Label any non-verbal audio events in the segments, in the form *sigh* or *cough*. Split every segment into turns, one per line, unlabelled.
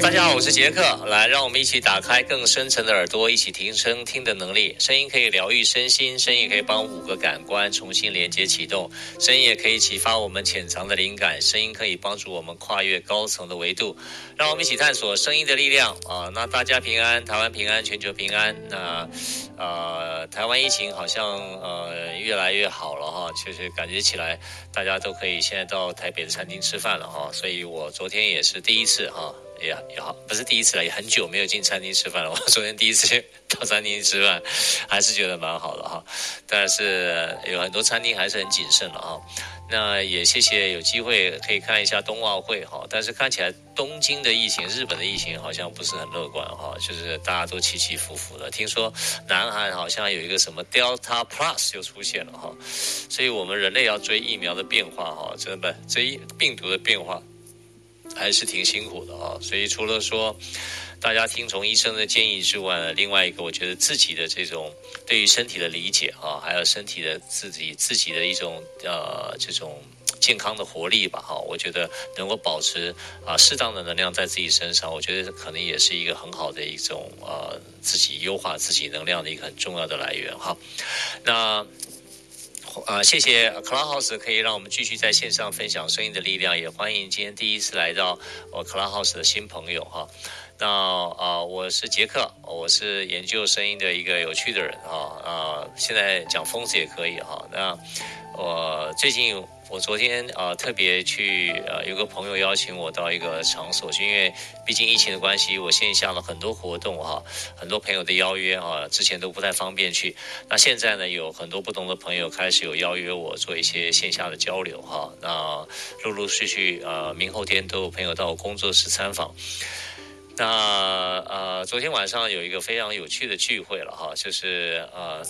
大家好，我是傑克。來，讓我們一起打開更深層的耳朵，一起提升聽的能力。聲音可以療癒身心，聲音可以幫五個感官重新連接啟動，聲音也可以啟發我們潛藏的靈感，聲音可以幫助我們跨越高層的維度。讓我們一起探索聲音的力量啊，呃！那大家平安，台灣平安，全球平安。那呃，台灣疫情好像呃越來越好了哈，就是感覺起來大家都可以現在到台北的餐廳吃飯了哈。所以我昨天也是第一次哈。哎呀，也好，不是第一次來，也很久沒有進餐廳吃飯了。我昨天第一次到餐廳吃飯，還是覺得蠻好的哈。但是有很多餐廳還是很謹慎的哈，那也謝謝有機會可以看一下冬奧會哈。但是看起來東京的疫情、日本的疫情好像不是很樂觀哈，就是大家都起起伏伏的。聽說南韓好像有一個什麼 Delta Plus 又出現了哈，所以我們人類要追疫苗的變化哈，真的不追病毒的變化。還是挺辛苦的啊，所以除了說，大家聽從醫生的建議之外呢，另外一個我覺得自己的這種對於身體的理解啊，還有身體的自己自己的一種呃這種健康的活力吧哈，我覺得能夠保持啊、呃、適當的能量在自己身上，我覺得可能也是一個很好的一種呃自己優化自己能量的一個很重要的來源哈，那。呃、啊，謝謝 Clubhouse 可以讓我們繼續在線上分享聲音的力量，也歡迎今天第一次來到我 Clubhouse 的新朋友哈、啊。那啊，我是傑克，我是研究聲音的一個有趣的人哈、啊。啊，現在講瘋子也可以哈、啊。那我、啊、最近。我昨天啊、呃、特別去呃，有個朋友邀請我到一個場所去。因為畢竟疫情的關係，我線下了很多活動哈，很多朋友的邀約啊，之前都不太方便去。那現在呢，有很多不同的朋友開始有邀約我做一些線下的交流哈、哦。那陸陸續續啊、呃，明後天都有朋友到我工作室參訪。那呃，昨天晚上有一個非常有趣的聚會了哈，就是呃，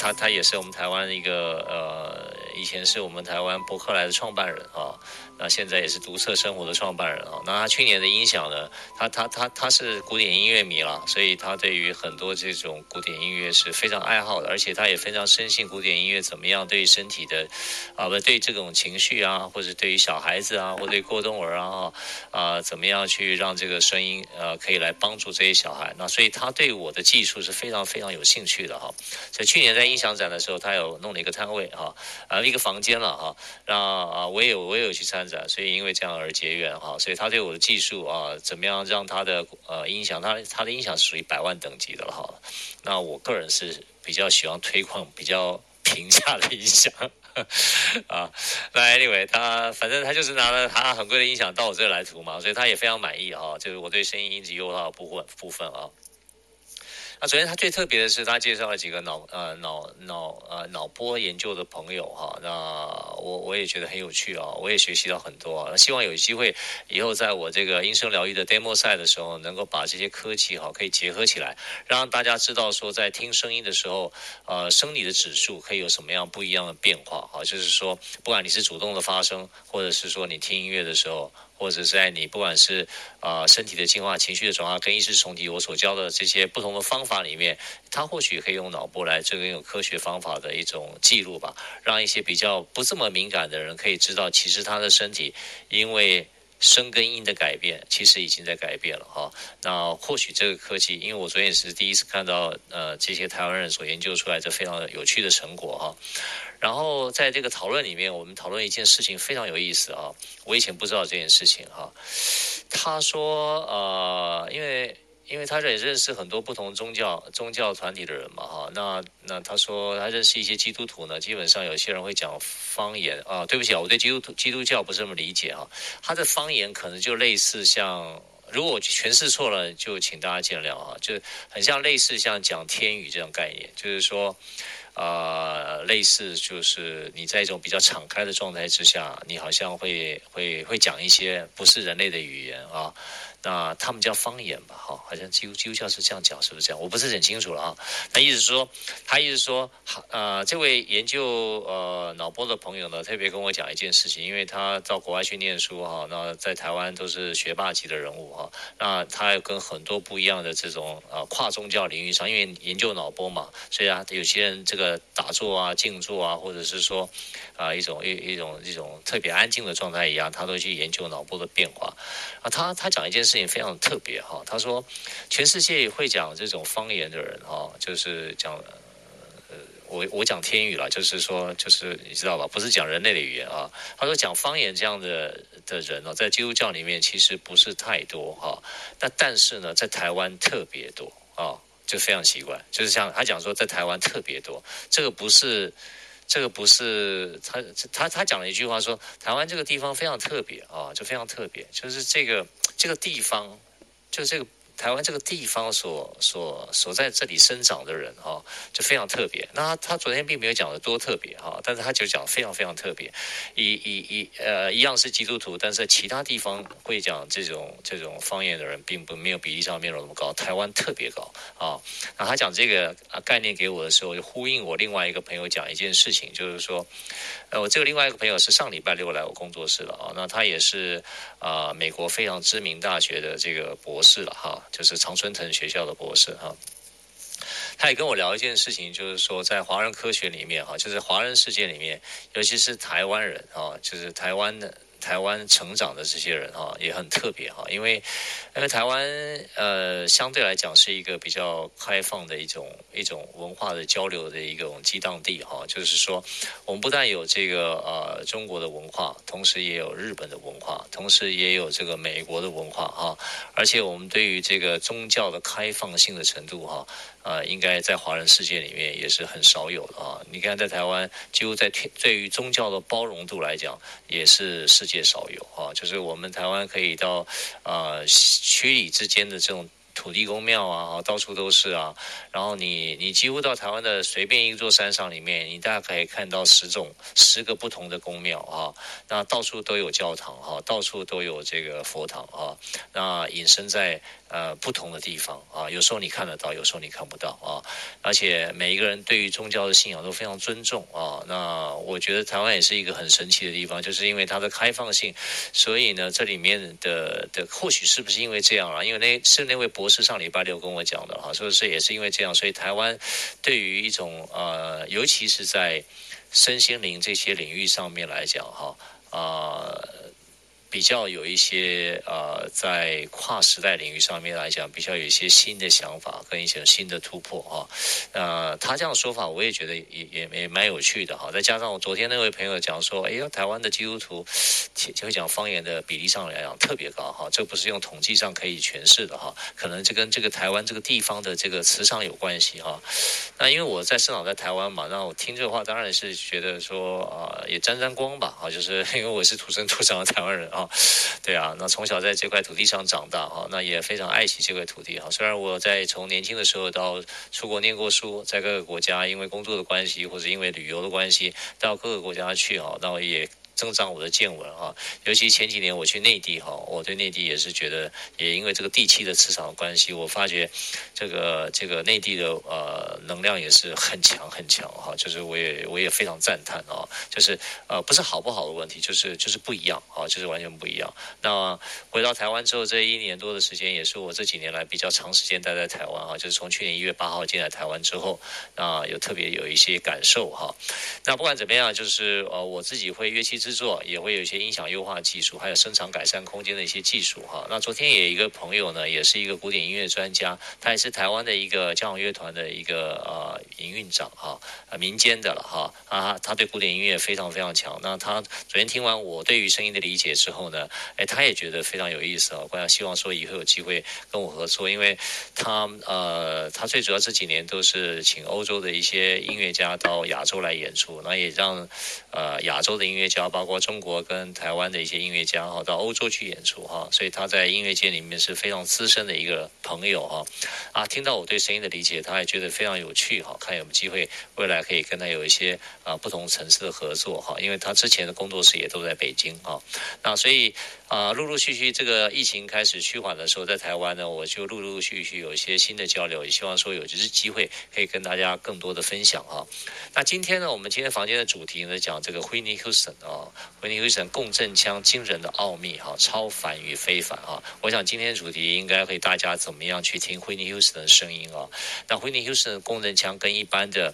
他他也是我們台灣的一個呃。以前是我們台灣博客來的創辦人啊。那現在也是獨特生活的創辦人啊，那他去年的音響呢？他他他他是古典音樂迷了，所以他對於很多這種古典音樂是非常愛好的，而且他也非常深信古典音樂怎麼樣對身體的，啊不，對這種情緒啊，或者對於小孩子啊，或者對過動兒啊，啊怎麼樣去讓這個聲音呃、啊、可以來幫助這些小孩？那所以他對我的技術是非常非常有興趣的哈、啊。所以去年在音響展的時候，他有弄了一個攤位哈，啊一個房間了哈，讓啊我也有我也有去參。所以因為這樣而結緣哈，所以他對我的技術啊，怎麼樣讓他的呃音響，他他的音響是屬於百萬等級的了哈。那我個人是比較喜歡推廣比較平價的音響 *laughs* 啊。那 anyway，他反正他就是拿了他很貴的音響到我這來圖嘛，所以他也非常滿意哈、啊，就是我對聲音音質優化的部分部分啊。啊，昨天他最特別的是，他介紹了幾個腦呃腦腦呃腦波研究的朋友哈、啊。那我我也覺得很有趣啊，我也學習到很多、啊。希望有機會以後在我這個音聲療癒的 demo 賽的時候，能夠把這些科技哈、啊、可以結合起來，讓大家知道說在聽聲音的時候，呃生理的指數可以有什麼樣不一樣的變化啊。就是說，不管你是主動的發聲，或者是說你聽音樂的時候。或者在你不管是啊身體的淨化、情緒的轉化、跟意識重疊，我所教的這些不同的方法裡面，他或許可以用腦波來這個用科學方法的一種記錄吧，讓一些比較不這麼敏感的人可以知道，其實他的身體因為。聲跟音的改變，其實已經在改變了哈、啊。那或許這個科技，因為我昨天也是第一次看到，呃，這些台灣人所研究出來的非常有趣的成果哈、啊。然後在這個討論裡面，我們討論一件事情非常有意思啊，我以前不知道這件事情哈、啊。他說，呃，因為。因為他也認識很多不同宗教、宗教團體的人嘛，哈，那那他說他認識一些基督徒呢，基本上有些人會講方言啊，對不起，我對基督徒、基督教不是這麼理解啊，他的方言可能就類似像，如果我詮釋錯了，就請大家見諒啊，就很像類似像講天語這種概念，就是說，啊、呃，類似就是你在一種比較敞開的狀態之下，你好像會會會講一些不是人類的語言啊。那他們叫方言吧，好，好像幾乎幾乎是這樣講，是不是這樣？我不是很清楚了啊。那意思是說，他意思是說，啊、呃，這位研究呃腦波的朋友呢，特別跟我講一件事情，因為他到國外去念書哈，那在台灣都是學霸級的人物哈。那他跟很多不一樣的這種呃跨宗教領域上，因為研究腦波嘛，所以啊，有些人這個打坐啊、靜坐啊，或者是說啊、呃、一種一一種一種特別安靜的狀態一樣，他都去研究腦波的變化。啊，他他講一件事情。事情非常特別哈，他說，全世界會講這種方言的人哈，就是講，呃，我我講天語了，就是說，就是你知道吧，不是講人類的語言啊。他說講方言這樣的的人呢，在基督教裡面其實不是太多哈，那但是呢，在台灣特別多啊，就非常奇怪，就是像他講說，在台灣特別多，這個不是。這個不是他，他他講了一句話說，台灣這個地方非常特別啊，就非常特別，就是這個這個地方，就這個。台灣這個地方所所所在這裡生長的人啊就非常特別。那他，他昨天並沒有講得多特別哈，但是他就講非常非常特別。一一一呃，一樣是基督徒，但是在其他地方會講這種這種方言的人，並不沒有比例上面容那麼高。台灣特別高啊。那他講這個概念給我的時候，就呼應我另外一個朋友講一件事情，就是說。呃，我這個另外一個朋友是上禮拜六來我工作室了啊，那他也是啊、呃，美國非常知名大學的這個博士了哈、啊，就是常春藤學校的博士哈、啊。他也跟我聊一件事情，就是說在華人科學裡面哈、啊，就是華人世界裡面，尤其是台灣人啊，就是台灣的。台灣成長的這些人哈，也很特別哈，因為因為台灣呃，相對來講是一個比較開放的一種一種文化的交流的一種激盪地哈，就是說我們不但有這個呃中國的文化，同時也有日本的文化，同時也有這個美國的文化哈，而且我們對於這個宗教的開放性的程度哈。啊，應該在華人世界裡面也是很少有的啊！你看，在台灣，幾乎在對於宗教的包容度來講，也是世界少有啊。就是我們台灣可以到，呃，區里之間的這種土地公廟啊，到處都是啊。然後你你幾乎到台灣的隨便一個座山上裡面，你大概可以看到十種十個不同的宮廟啊。那到處都有教堂啊，到處都有這個佛堂啊。那隱身在。呃，不同的地方啊，有時候你看得到，有時候你看不到啊。而且每一個人對於宗教的信仰都非常尊重啊。那我覺得台灣也是一個很神奇的地方，就是因為它的開放性，所以呢，這裡面的的或許是不是因為這樣啊？因為那是那位博士上禮拜六跟我講的哈、啊，所以是也是因為這樣，所以台灣對於一種呃、啊，尤其是在身心靈這些領域上面來講哈，啊。比較有一些呃，在跨時代領域上面來講，比較有一些新的想法跟一些新的突破啊。那、呃、他這樣說法，我也覺得也也也蠻有趣的哈、啊。再加上我昨天那位朋友講說，哎呦，台灣的基督徒就會講方言的比例上來講特別高哈、啊，這不是用統計上可以詮釋的哈、啊。可能這跟這個台灣這個地方的這個磁場有關係哈、啊。那因為我在生長在台灣嘛，那我聽這話當然是覺得說啊，也沾沾光吧啊，就是因為我是土生土長的台灣人啊。對啊，那從小在這塊土地上長大啊，那也非常愛惜這塊土地啊。雖然我在從年輕的時候到出國念過書，在各個國家，因為工作的關係或者因為旅遊的關係，到各個國家去啊，那我也。增長我的見聞啊，尤其前幾年我去內地哈、啊，我對內地也是覺得，也因為這個地氣的磁場的關係，我發覺這個這個內地的呃能量也是很強很強哈、啊，就是我也我也非常讚嘆啊，就是呃不是好不好的問題，就是就是不一樣啊，就是完全不一樣。那回到台灣之後這一年多的時間，也是我這幾年來比較長時間待在台灣啊，就是從去年一月八號進來台灣之後啊、呃，有特別有一些感受哈、啊。那不管怎麼樣，就是呃我自己會約期。製作也會有一些音響優化技術，還有聲場改善空間的一些技術哈。那昨天也有一個朋友呢，也是一個古典音樂專家，他也是台灣的一個交響樂團的一個呃營運長哈，啊民間的了哈啊，他對古典音樂非常非常強。那他昨天聽完我對於聲音的理解之後呢，哎，他也覺得非常有意思啊，關希望說以後有機會跟我合作，因為他呃他最主要這幾年都是請歐洲的一些音樂家到亞洲來演出，那也讓。呃，亞洲的音樂家，包括中國跟台灣的一些音樂家，哈，到歐洲去演出，哈、啊，所以他在音樂界裡面是非常資深的一個朋友，哈、啊，啊，聽到我對聲音的理解，他也覺得非常有趣，哈、啊，看有沒有機會未來可以跟他有一些啊不同層次的合作，哈、啊，因為他之前的工作室也都在北京，哈、啊，那所以。啊，陸陸續續這個疫情開始趨緩的時候，在台灣呢，我就陸陸續續有一些新的交流，也希望說有這次機會可以跟大家更多的分享啊。那今天呢，我們今天房間的主題呢，講這個 Whitney Houston 啊、哦，Whitney Houston 共振腔驚人的奧秘哈、哦，超凡與非凡啊、哦。我想今天的主題應該會大家怎麼樣去聽 Whitney Houston 的聲音啊。那 Whitney Houston 共振腔跟一般的。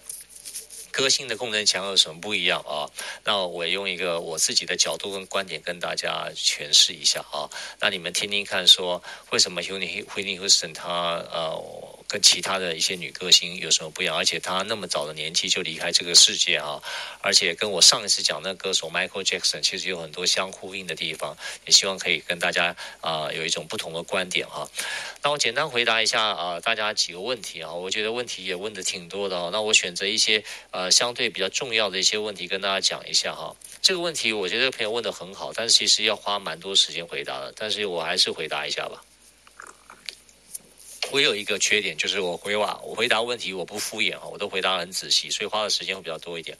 歌星的功能強有什麼不一樣啊？那我用一個我自己的角度跟觀點跟大家詮釋一下啊。那你們聽聽看，說為什麼 Whitney Whitney Houston 他呃。跟其他的一些女歌星有什麼不一樣？而且她那麼早的年紀就離開這個世界啊！而且跟我上一次講那歌手 Michael Jackson，其實有很多相呼應的地方。也希望可以跟大家啊，有一種不同的觀點哈、啊。那我簡單回答一下啊，大家幾個問題啊。我覺得問題也問的挺多的哦、啊，那我選擇一些呃、啊、相對比較重要的一些問題跟大家講一下哈、啊。這個問題我覺得這個朋友問得很好，但是其實要花蠻多時間回答的，但是我還是回答一下吧。我有一個缺點，就是我回話，我回答問題我不敷衍啊，我都回答很仔細，所以花的時間會比較多一點。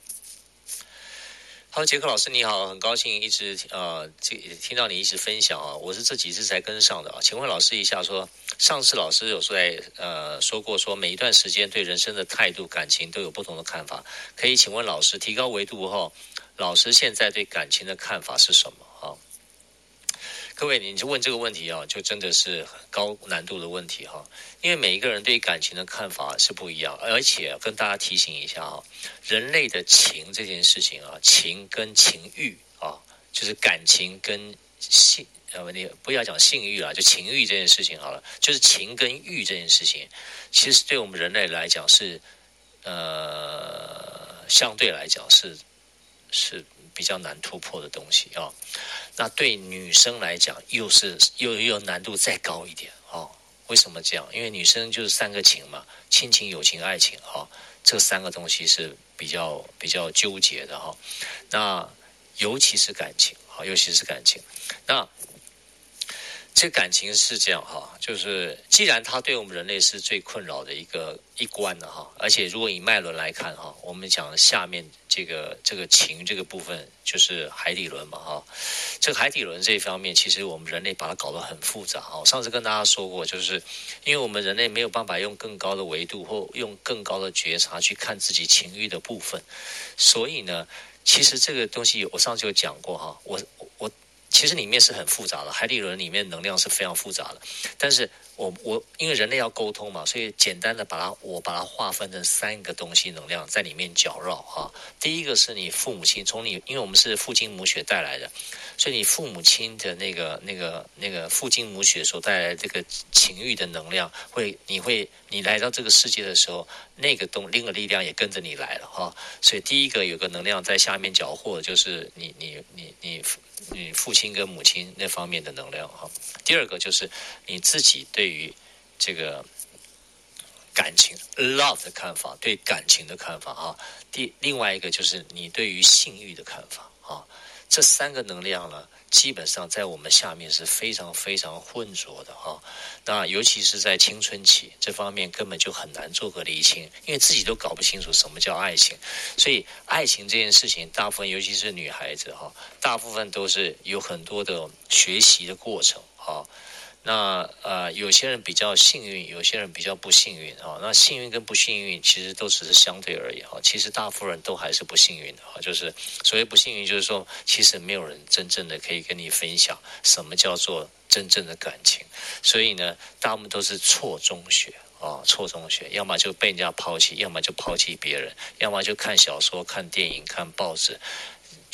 哈嘍，傑克老師你好，很高興一直呃聽聽到你一直分享啊，我是這幾日才跟上的啊，請問老師一下說，說上次老師有在呃說過說每一段時間對人生的態度、感情都有不同的看法，可以請問老師提高維度後，老師現在對感情的看法是什麼？各位，你就問這個問題啊，就真的是很高難度的問題哈。因為每一個人對感情的看法是不一樣，而且跟大家提醒一下哈，人類的情這件事情啊，情跟情欲啊，就是感情跟性呃，你不要講性欲了，就情欲這件事情好了，就是情跟欲這件事情，其實對我們人類來講是，呃，相對來講是是。比較難突破的東西啊，那對女生來講又，又是又又難度再高一點啊？為什麼這樣？因為女生就是三個情嘛，親情、友情、愛情啊，這三個東西是比較比較糾結的哈、啊。那尤其是感情，啊，尤其是感情，那。這個感情是這樣哈，就是既然它對我們人類是最困擾的一個一關的哈，而且如果以脈輪來看哈，我們講下面這個這個情這個部分就是海底輪嘛哈，這個海底輪這一方面，其實我們人類把它搞得很複雜哈。我上次跟大家說過，就是因為我們人類沒有辦法用更高的維度或用更高的覺察去看自己情欲的部分，所以呢，其實這個東西我上次有講過哈，我我。其實裡面是很複雜的，海底輪裡面能量是非常複雜的。但是我我因為人類要溝通嘛，所以簡單的把它我把它劃分成三個東西，能量在裡面攪繞哈，第一個是你父母親從你，因為我們是父精母血帶來的，所以你父母親的那個那個那個父精母血所帶來的這個情欲的能量，會你會你來到這個世界的時候，那個東另一個力量也跟着你來了哈。所以第一個有個能量在下面攪和，就是你你你你。你你你、嗯、父親跟母親那方面的能量哈、哦，第二個就是你自己對於這個感情 love 的看法，對感情的看法啊、哦。第另外一個就是你對於性慾的看法啊、哦。這三個能量呢，基本上在我們下面是非常非常渾濁的哈，那尤其是在青春期這方面根本就很難做個釐清，因為自己都搞不清楚什麼叫愛情，所以愛情這件事情，大部分尤其是女孩子哈，大部分都是有很多的學習的過程啊。那呃，有些人比較幸運，有些人比較不幸運啊、哦。那幸運跟不幸運，其實都只是相對而已哈、哦。其實大部分人都還是不幸運的啊、哦，就是所謂不幸運，就是說其實沒有人真正的可以跟你分享什麼叫做真正的感情。所以呢，大部分都是錯中學啊、哦，錯中學，要麼就被人家拋棄，要麼就拋棄別人，要麼就看小說、看電影、看報紙。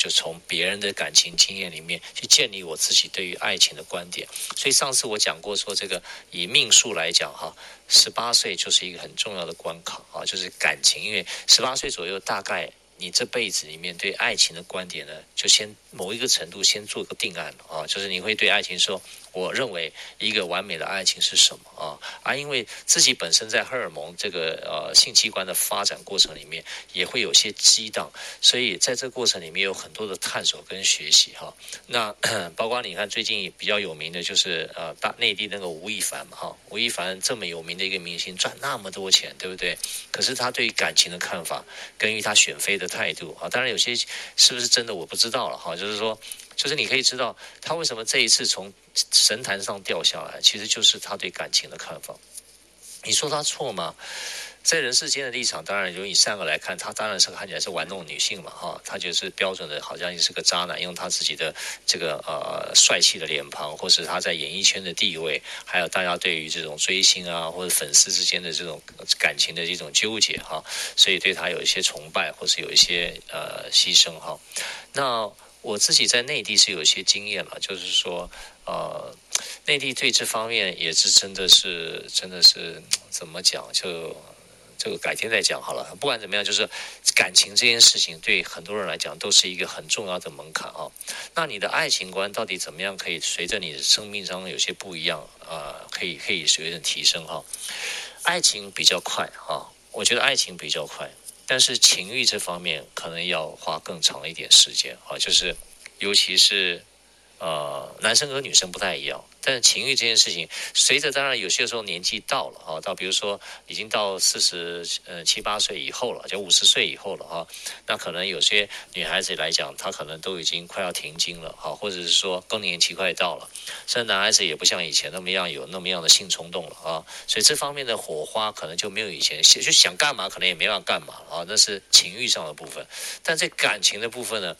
就從別人的感情經驗裡面去建立我自己對於愛情的觀點，所以上次我講過說，這個以命數來講哈，十八歲就是一個很重要的關卡啊，就是感情，因為十八歲左右大概你這輩子裡面對愛情的觀點呢，就先某一個程度先做個定案啊，就是你會對愛情說。我認為一個完美的愛情是什麼啊？啊，因為自己本身在荷爾蒙這個呃性器官的發展過程裡面也會有些激盪，所以在這個過程裡面有很多的探索跟學習哈、啊。那包括你看最近比較有名的就是呃大內地那個吳亦凡嘛哈，吳亦凡這麼有名的一個明星，賺那麼多錢，對不對？可是他對於感情的看法跟於他選妃的態度啊，當然有些是不是真的我不知道了哈、啊，就是說。就是你可以知道他為什麼這一次從神壇上掉下來，其實就是他對感情的看法。你說他錯嗎？在人世間的立場，當然由你三個來看，他當然是看起來是玩弄女性嘛，哈，他就是標準的好像也是個渣男，用他自己的這個呃帥氣的臉龐，或是他在演藝圈的地位，還有大家對於這種追星啊或者粉絲之間的這種感情的一種糾結哈，所以對他有一些崇拜，或是有一些呃犧牲哈，那。我自己在內地是有些經驗了，就是說，呃，內地對這方面也是真的是真的是怎麼講，就這個改天再講好了。不管怎麼樣，就是感情這件事情對很多人來講都是一個很重要的門檻啊。那你的愛情觀到底怎麼樣？可以隨着你的生命上有些不一樣啊，可以可以隨着提升哈啊。愛情比較快啊，我覺得愛情比較快。但是情欲這方面可能要花更長一點時間啊，就是，尤其是。呃，男生和女生不太一樣，但是情欲這件事情，隨着當然有些時候年紀到了啊，到比如說已經到四十呃七八歲以後了，就五十歲以後了哈，那可能有些女孩子來講，她可能都已經快要停經了哈，或者是說更年期快到了，甚至男孩子也不像以前那麼樣有那麼樣的性衝動了啊，所以這方面的火花可能就沒有以前，就想幹嘛可能也沒辦法幹嘛啊，那是情欲上的部分，但這感情的部分呢？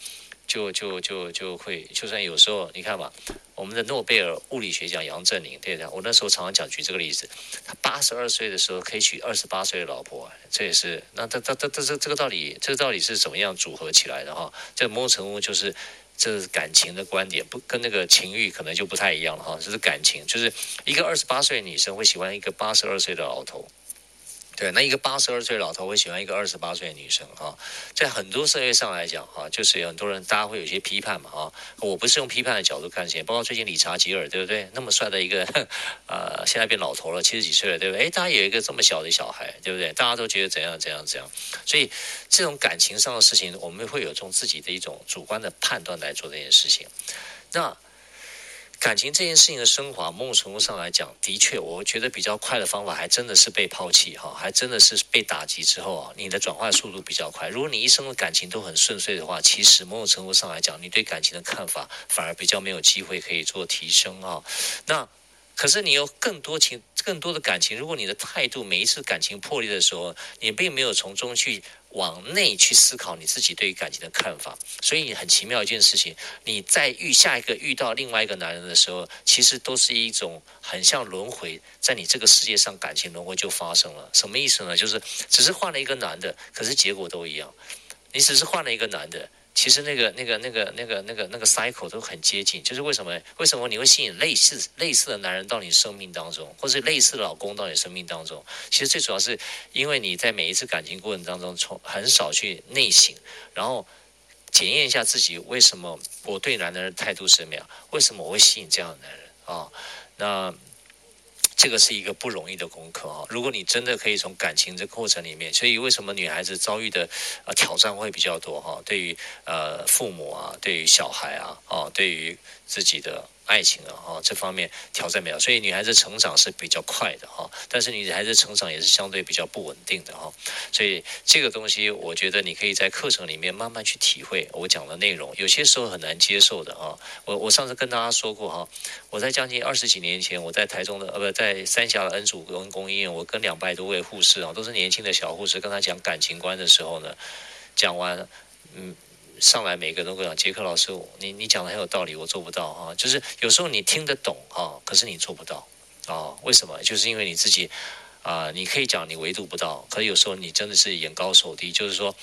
就就就就會，就算有時候你看吧，我們的諾貝爾物理學獎楊振寧，對的，我那時候常常講，舉這個例子，他八十二歲的時候可以娶二十八歲的老婆，這也是，那這這這這這個到底，這個到底是怎麼樣組合起來的哈？這某種程度就是這是感情的觀點，不跟那個情欲可能就不太一樣了哈，這是感情，就是一個二十八歲的女生會喜歡一個八十二歲的老頭。對，那一個八十二歲老頭會喜歡一個二十八歲的女生啊，在很多社會上來講哈，就是有很多人大家會有些批判嘛啊，我不是用批判的角度看事情，包括最近理查吉爾，對不對？那麼帥的一個呃，現在變老頭了，七十幾歲了對不對？哎，大家有一個這麼小的小孩對不對？大家都覺得怎樣怎樣怎樣，所以這種感情上的事情，我們會有從自己的一種主觀的判斷來做這件事情，那。感情這件事情的升華，某種程度上來講，的確，我覺得比較快的方法，還真的是被拋棄哈，還真的是被打擊之後啊，你的轉化速度比較快。如果你一生的感情都很順遂的話，其實某種程度上來講，你對感情的看法反而比較沒有機會可以做提升啊。那。可是你有更多情，更多的感情。如果你的態度每一次感情破裂的時候，你並沒有從中去往內去思考你自己對於感情的看法，所以很奇妙一件事情，你在遇下一個遇到另外一個男人的時候，其實都是一種很像輪回，在你這個世界上感情輪回就發生了。什麼意思呢？就是只是換了一個男的，可是結果都一樣，你只是換了一個男的。其實那個、那個、那個、那個、那個、那個 cycle 都很接近，就是為什麼？為什麼你會吸引類似類似的男人到你生命當中，或是類似老公到你生命當中？其實最主要是因為你在每一次感情過程當中，從很少去內省，然後檢驗一下自己，為什麼我對男、男人的態度是怎麼樣？為什麼我會吸引這樣的男人啊、哦？那。這個是一個不容易的功課哈，如果你真的可以從感情這過程裡面，所以為什麼女孩子遭遇的呃挑戰會比較多哈？對於呃父母啊，對於小孩啊，啊對於自己的。愛情啊，這方面挑戰沒有，所以女孩子成長是比較快的哈、啊，但是女孩子成長也是相對比較不穩定的哈、啊，所以這個東西，我覺得你可以在課程裡面慢慢去體會我講的內容，有些時候很難接受的啊。我我上次跟大家說過哈、啊，我在將近二十幾年前，我在台中的呃，不在三峽的恩主公醫院，我跟兩百多位護士啊，都是年輕的小護士，跟她講感情觀的時候呢，講完，嗯。上來每個人都會講，杰克老師，你你講的很有道理，我做不到啊。就是有時候你聽得懂啊，可是你做不到啊。為什麼？就是因為你自己啊，你可以講你維度不到，可是有時候你真的是眼高手低。就是說，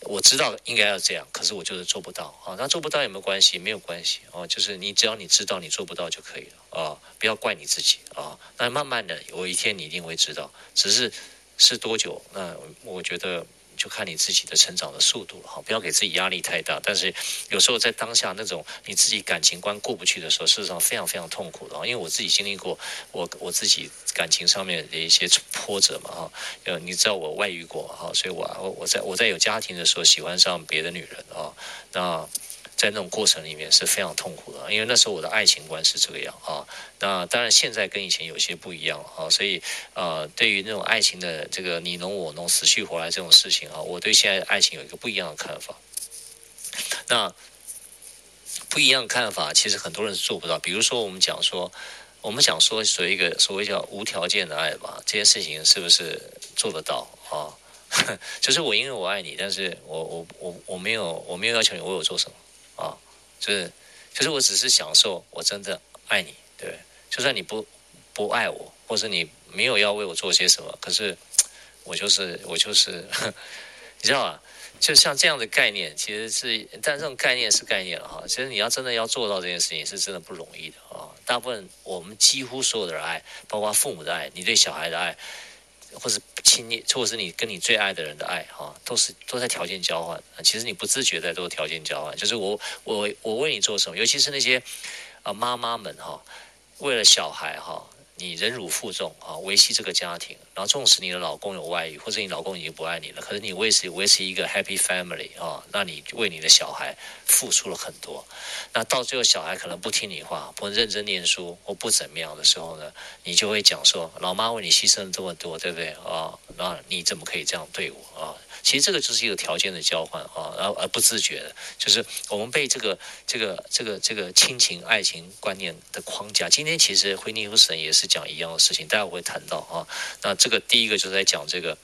我知道應該要這樣，可是我就是做不到啊。那做不到有沒有關係？沒有關係啊，就是你只要你知道你做不到就可以了啊，不要怪你自己啊。那慢慢的，有一天你一定會知道，只是是多久？那我覺得。就看你自己的成長的速度了哈，不要給自己壓力太大。但是有時候在當下那種你自己感情觀過不去的時候，事實上非常非常痛苦的。因為我自己經歷過，我我自己感情上面的一些挫折嘛哈。呃，你知道我外遇過哈，所以我我在我在有家庭的時候喜歡上別的女人啊，那。在那種過程裡面是非常痛苦的，因為那時候我的愛情觀是這個樣啊。那當然現在跟以前有些不一樣啊，所以呃，對於那種愛情的這個你儂我儂、死去活來這種事情啊，我對現在的愛情有一個不一樣的看法。那不一樣的看法，其實很多人是做不到。比如說我們講說，我們講說說一個所謂叫無條件的愛吧，這件事情是不是做得到啊？哼，就是我因為我愛你，但是我我我我沒有我沒有要求你為我做什麼。啊、哦，就是，就是我只是享受，我真的愛你，對，就算你不不愛我，或者你沒有要為我做些什麼，可是我就是我就是，你知道吧？就像這樣的概念，其實是，但這種概念是概念了哈。其實你要真的要做到這件事情，是真的不容易的啊。大部分我們幾乎所有的人愛，包括父母的愛，你對小孩的愛。或是親昵，或者是你跟你最愛的人的愛，哈，都是都在條件交換。其實你不自覺在做條件交換，就是我我我為你做什麼，尤其是那些，啊，媽媽們哈，為了小孩哈。你忍辱負重啊，維繫這個家庭，然後縱使你的老公有外遇，或者你老公已經不愛你了，可是你維持維持一個 happy family 啊，那你為你的小孩付出了很多，那到最後小孩可能不聽你話，不認真念書，或不怎麼樣的時候呢，你就會講說，老媽為你犧牲了這麼多，對不對啊？那你怎麼可以這樣對我啊？其實這個就是一個條件的交換啊，而而不自覺的，就是我們被這個這個這個這個親情、愛情觀念的框架。今天其實惠妮休斯頓也是講一樣的事情，待會會談到啊。那這個第一個就在講這個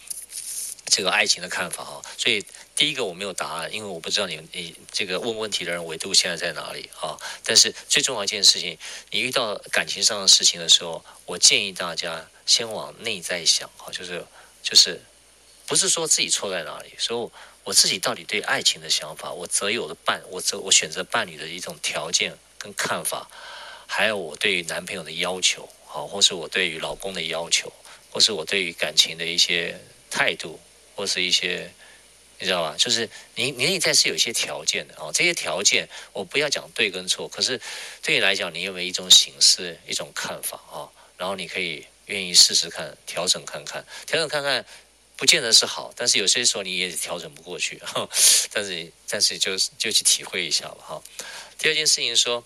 這個愛情的看法啊。所以第一個我沒有答案，因為我不知道你你這個問問題的人維度現在在哪裡啊。但是最重要一件事情，你遇到感情上的事情的時候，我建議大家先往內在想啊，就是就是。不是說自己錯在哪裡，所以我自己到底對愛情的想法，我擇友的伴，我擇我選擇伴侶的一種條件跟看法，還有我對於男朋友的要求啊，或是我對於老公的要求，或是我對於感情的一些態度，或是一些，你知道吧？就是你你內在是有一些條件的啊，這些條件我不要講對跟錯，可是對你來講，你有沒有一種形式、一種看法啊？然後你可以願意試試看，調整看看，調整看看。不見得是好，但是有些時候你也調整不過去，但是但是就就去體會一下吧哈。第二件事情說，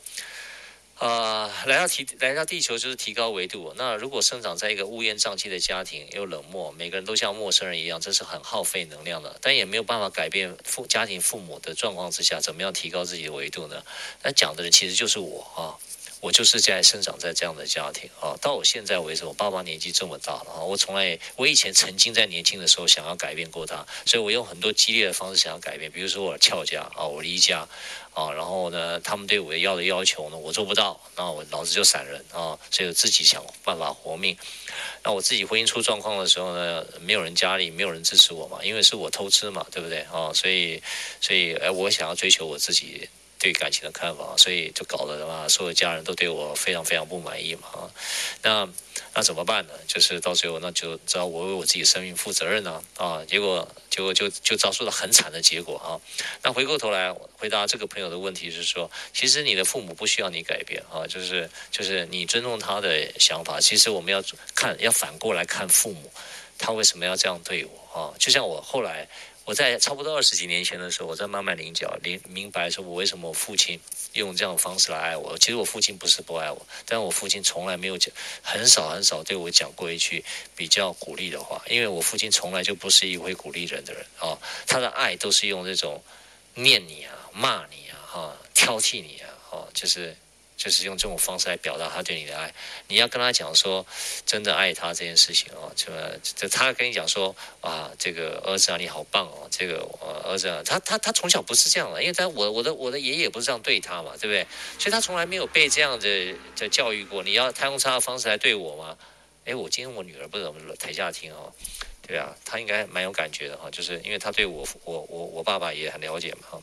啊、呃，來到提來到地球就是提高維度。那如果生長在一個烏煙瘴氣的家庭，又冷漠，每個人都像陌生人一樣，這是很耗費能量的。但也沒有辦法改變父家庭父母的狀況之下，怎麼樣提高自己的維度呢？那講的人其實就是我啊。我就是在生長在這樣的家庭啊，到我現在為止，我爸爸年紀這麼大了啊，我從來我以前曾經在年輕的時候想要改變過他，所以我用很多激烈的方式想要改變，比如說我翹家啊，我離家啊，然後呢，他們對我要的要求呢，我做不到，那我老子就散人啊，所以我自己想辦法活命。那我自己婚姻出狀況的時候呢，沒有人家裡沒有人支持我嘛，因為是我偷吃嘛，對不對啊？所以，所以欸，我想要追求我自己。對感情的看法，所以就搞得了嘛，所有家人都對我非常非常不滿意嘛，啊，那那怎麼辦呢？就是到最後那就只要我為我自己生命負責任呢，啊，啊，結果結果就就遭受了很慘的結果啊。那回過頭來回答這個朋友的問題是說，其實你的父母不需要你改變啊，就是就是你尊重他的想法。其實我們要看，要反過來看父母，他為什麼要這樣對我啊？就像我後來。我在差不多二十幾年前的時候，我在慢慢領教、領明白，說我為什麼我父親用這種方式來愛我。其實我父親不是不愛我，但我父親從來沒有講，很少很少對我講過一句比較鼓勵的話，因為我父親從來就不是一回鼓勵人的人啊、哦。他的愛都是用這種，念你啊、罵你啊、哈、挑剔你啊，哈、哦、就是。就是用這種方式來表達他對你的愛，你要跟他講說，真的愛他這件事情哦，這麼這他跟你講說啊，這個兒子啊，你好棒哦，這個兒子啊，他他他從小不是這樣的，因為他我我的我的我的爺爺不是這樣對他嘛，對不對？所以他從來沒有被這樣的教育過。你要他用他的方式來對我嗎？哎，我今天我女兒不怎麼台下聽哦，對啊，他應該蠻有感覺的哈、啊，就是因為他對我我我我爸爸也很了解嘛哈，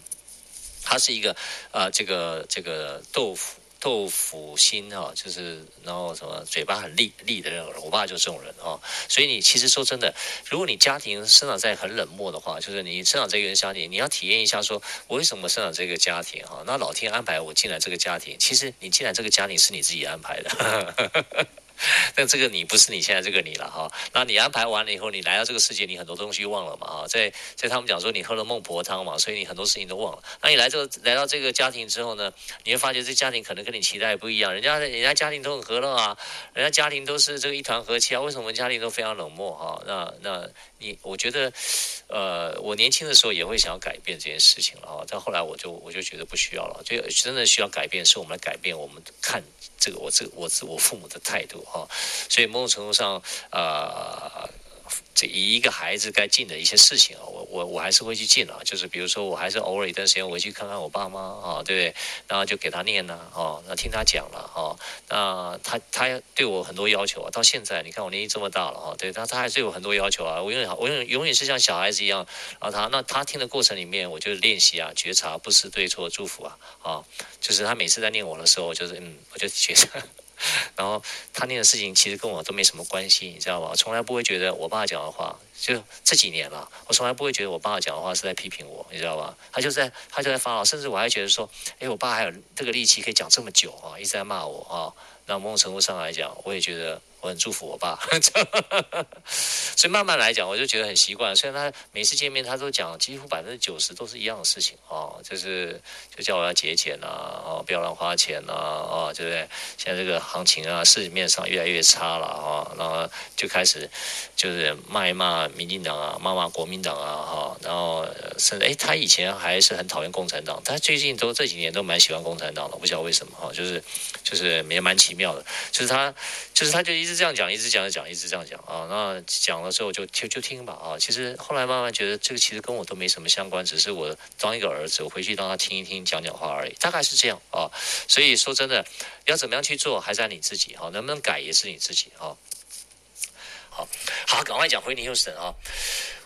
他是一個啊，這個這個豆腐、豆腐心啊，就是然後什麼嘴巴很利利的那種人，我爸就是這種人啊。所以你其實說真的，如果你家庭生長在很冷漠的話，就是你生長在原家庭，你要體驗一下說，我為什麼生長這個家庭哈？那老天安排我進來這個家庭，其實你進來這個家庭是你自己安排的。 *laughs* 但這個你不是你現在這個你了哈，那你安排完了以後，你來到這個世界，你很多東西忘了嘛哈，在在他們講說你喝了孟婆湯嘛，所以你很多事情都忘了。那你來這個來到這個家庭之後呢，你會發覺這家庭可能跟你期待不一樣，人家人家家庭都很和樂啊，人家家庭都是這個一團和氣啊，為什麼我們家庭都非常冷漠哈？那那你我覺得。呃，我年輕的時候也會想要改變這件事情了啊，但後來我就我就覺得不需要了，就真的需要改變是我們來改變，我們看這個我這個，我自我父母的態度哈，所以某種程度上啊。呃這一個孩子該盡的一些事情啊，我我我還是會去盡啊，就是比如說，我還是偶爾一段時間回去看看我爸媽啊、哦，對不對？然後就給他念啦、啊，哦，那聽他講了，哦，那他他對我很多要求啊，到現在你看我年紀這麼大了，哦，對，他他還是有很多要求啊，我永遠我永永遠是像小孩子一樣，然、啊、後他那他聽的過程裡面，我就練習啊，覺察，不是對錯，祝福啊，啊、哦，就是他每次在念我的時候，我就是嗯，我就覺得。然後他那個事情其實跟我都沒什麼關係，你知道吧？我從來不會覺得我爸講的話，就這幾年了，我從來不會覺得我爸講的話是在批評我，你知道吧？他就在他就在發牢，甚至我還覺得說，哎，我爸還有這個力氣可以講這麼久啊，一直在罵我啊。那某種程度上來講，我也覺得。我很祝福我爸， *laughs* 所以慢慢來講，我就覺得很習慣。雖然他每次見面，他都講幾乎百分之九十都是一樣的事情哦，就是就叫我要節儉啊哦，不要亂花錢吶，啊，對不對？現在這個行情啊，市面上越來越差了啊，然後就開始就是罵一罵民進黨啊，罵罵國民黨啊，哈，然後甚至哎，他以前還是很討厭共產黨，他最近都這幾年都蠻喜歡共產黨的，我不知道為什麼哈，就是就是也蠻奇妙的，就是他就是他就一直。這樣講，一直講，一直講，一直這樣講啊。那講了之後就就就,就聽吧啊。其實後來慢慢覺得這個其實跟我都沒什麼相關，只是我當一個兒子，我回去讓他聽一聽，講講話而已，大概是這樣啊。所以說真的要怎麼樣去做，還是你自己啊。能不能改也是你自己啊。好好，趕快講惠妮休斯頓啊。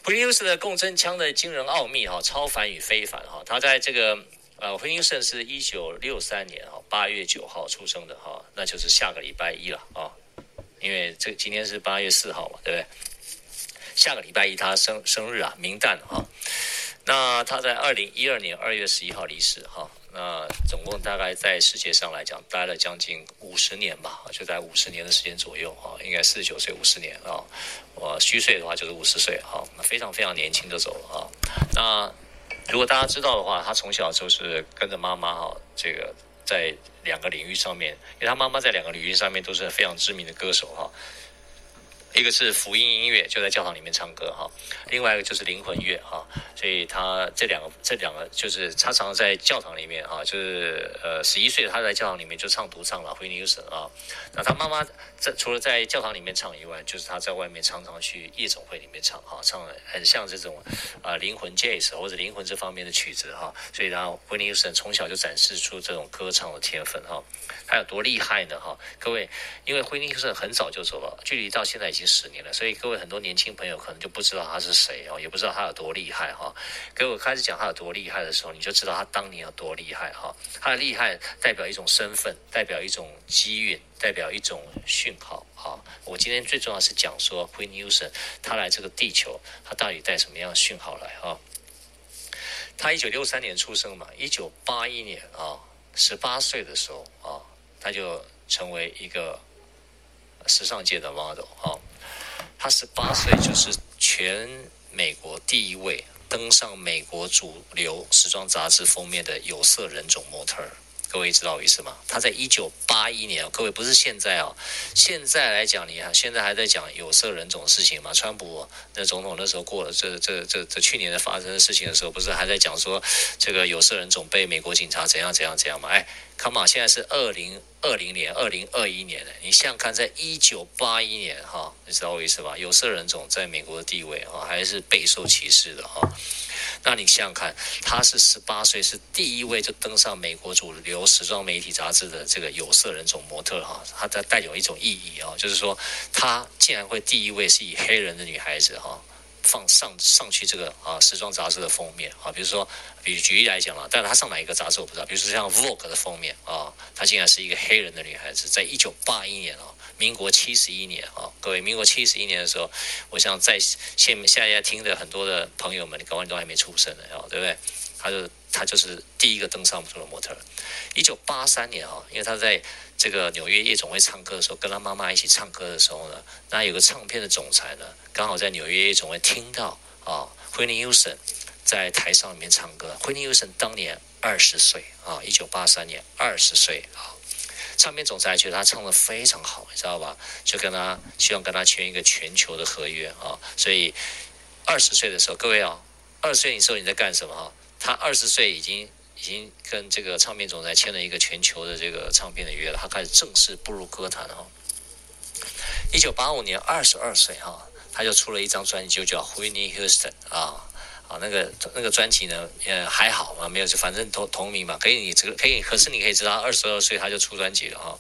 惠妮休斯頓的共振腔的驚人奧秘啊，超凡與非凡哈、啊。他在這個呃，惠妮休斯頓是一九六三年啊八月九號出生的哈、啊，那就是下個禮拜一了啊。因為這今天是八月四號嘛，對不對？下個禮拜一他生生日啊，冥誕。啊，那他在二零一二年二月十一號離世哈、啊。那總共大概在世界上來講待了將近五十年吧，就在五十年的時間左右啊，應該四十九歲五十年啊。我虛歲的話就是五十歲那、啊、非常非常年輕就走了啊。那如果大家知道的話，他從小就是跟着媽媽哈、啊，這個。在兩個領域上面，因為他媽媽在兩個領域上面都是非常知名的歌手哈。一個是福音音樂，就在教堂裡面唱歌哈；另外一個就是靈魂樂哈，所以他這兩個、這兩個就是他常在教堂裡面哈，就是呃，十一歲他在教堂裡面就唱獨唱了。惠妮休斯頓啊，那他媽媽在除了在教堂裡面唱以外，就是他在外面常常去夜總會裡面唱哈，唱的很像這種啊靈魂 Jazz 或者靈魂這方面的曲子哈。所以然後惠妮休斯頓從小就展示出這種歌唱的天分哈，他有多厲害呢哈？各位，因為惠妮休斯頓很早就走了，距離到現在已經。十年了，所以各位很多年輕朋友可能就不知道他是誰哦，也不知道他有多厲害哈、啊。給我開始講他有多厲害的時候，你就知道他當年有多厲害哈、啊。他的厲害代表一種身份，代表一種機遇，代表一種訊號哈、啊。我今天最重要是講說，Whitney Houston 他來這個地球，他到底帶什麼樣的訊號來哈、啊？他一九六三年出生嘛，一九八一年啊，十八歲的時候啊，他就成為一個時尚界的 model 哈、啊。二十八歲就是全美國第一位登上美國主流時裝雜誌封面的有色人種模特。各位知道我意思嗎？他在一九八一年各位，不是現在啊、哦，現在來講，你看現在還在講有色人種事情嗎？川普那總統那時候過了這這這這去年的發生的事情的時候，不是還在講說這個有色人種被美國警察怎樣怎樣怎樣嗎？哎，Come on，現在是二零二零年、二零二一年，你想看在一九八一年哈、哦，你知道我意思吧？有色人種在美國的地位啊、哦，還是備受歧視的哈。哦那你想想看，她是十八歲，是第一位就登上美國主流時裝媒體雜誌的這個有色人種模特哈、啊，她帶有一種意義啊，就是說她竟然會第一位是以黑人的女孩子哈、啊、放上上去這個啊時裝雜誌的封面啊，比如說，比舉例來講啊，但是她上哪一個雜誌我不知道，比如說像《Vogue》的封面啊，她竟然是一個黑人的女孩子，在一九八一年啊。民國七十一年啊，各位，民國七十一年的時候，我想在現現在聽的很多的朋友們，可能都還沒出生呢，對不對？他就他就是第一個登上舞台的模特。一九八三年啊，因為他在這個紐約夜總會唱歌的時候，跟他媽媽一起唱歌的時候呢，那有個唱片的總裁呢，剛好在紐約夜總會聽到啊，惠妮、啊·休斯頓在台上裡面唱歌。惠妮·休斯頓當年二十歲啊，一九八三年二十歲啊。唱片總裁覺得他唱的非常好，你知道吧？就跟他希望跟他簽一個全球的合約啊。所以二十歲的時候，各位啊、哦，二十歲的時候你在幹什麼啊？他二十歲已經已經跟這個唱片總裁簽了一個全球的這個唱片的約了，他開始正式步入歌壇啊。一九八五年，二十二歲啊，他就出了一張專輯就叫《Whitney Houston》啊。那個那個專輯呢？呃、嗯，還好嘛，沒有，就反正同同名嘛。可以，你這個可以，可是你可以知道，二十二歲他就出專輯了哈。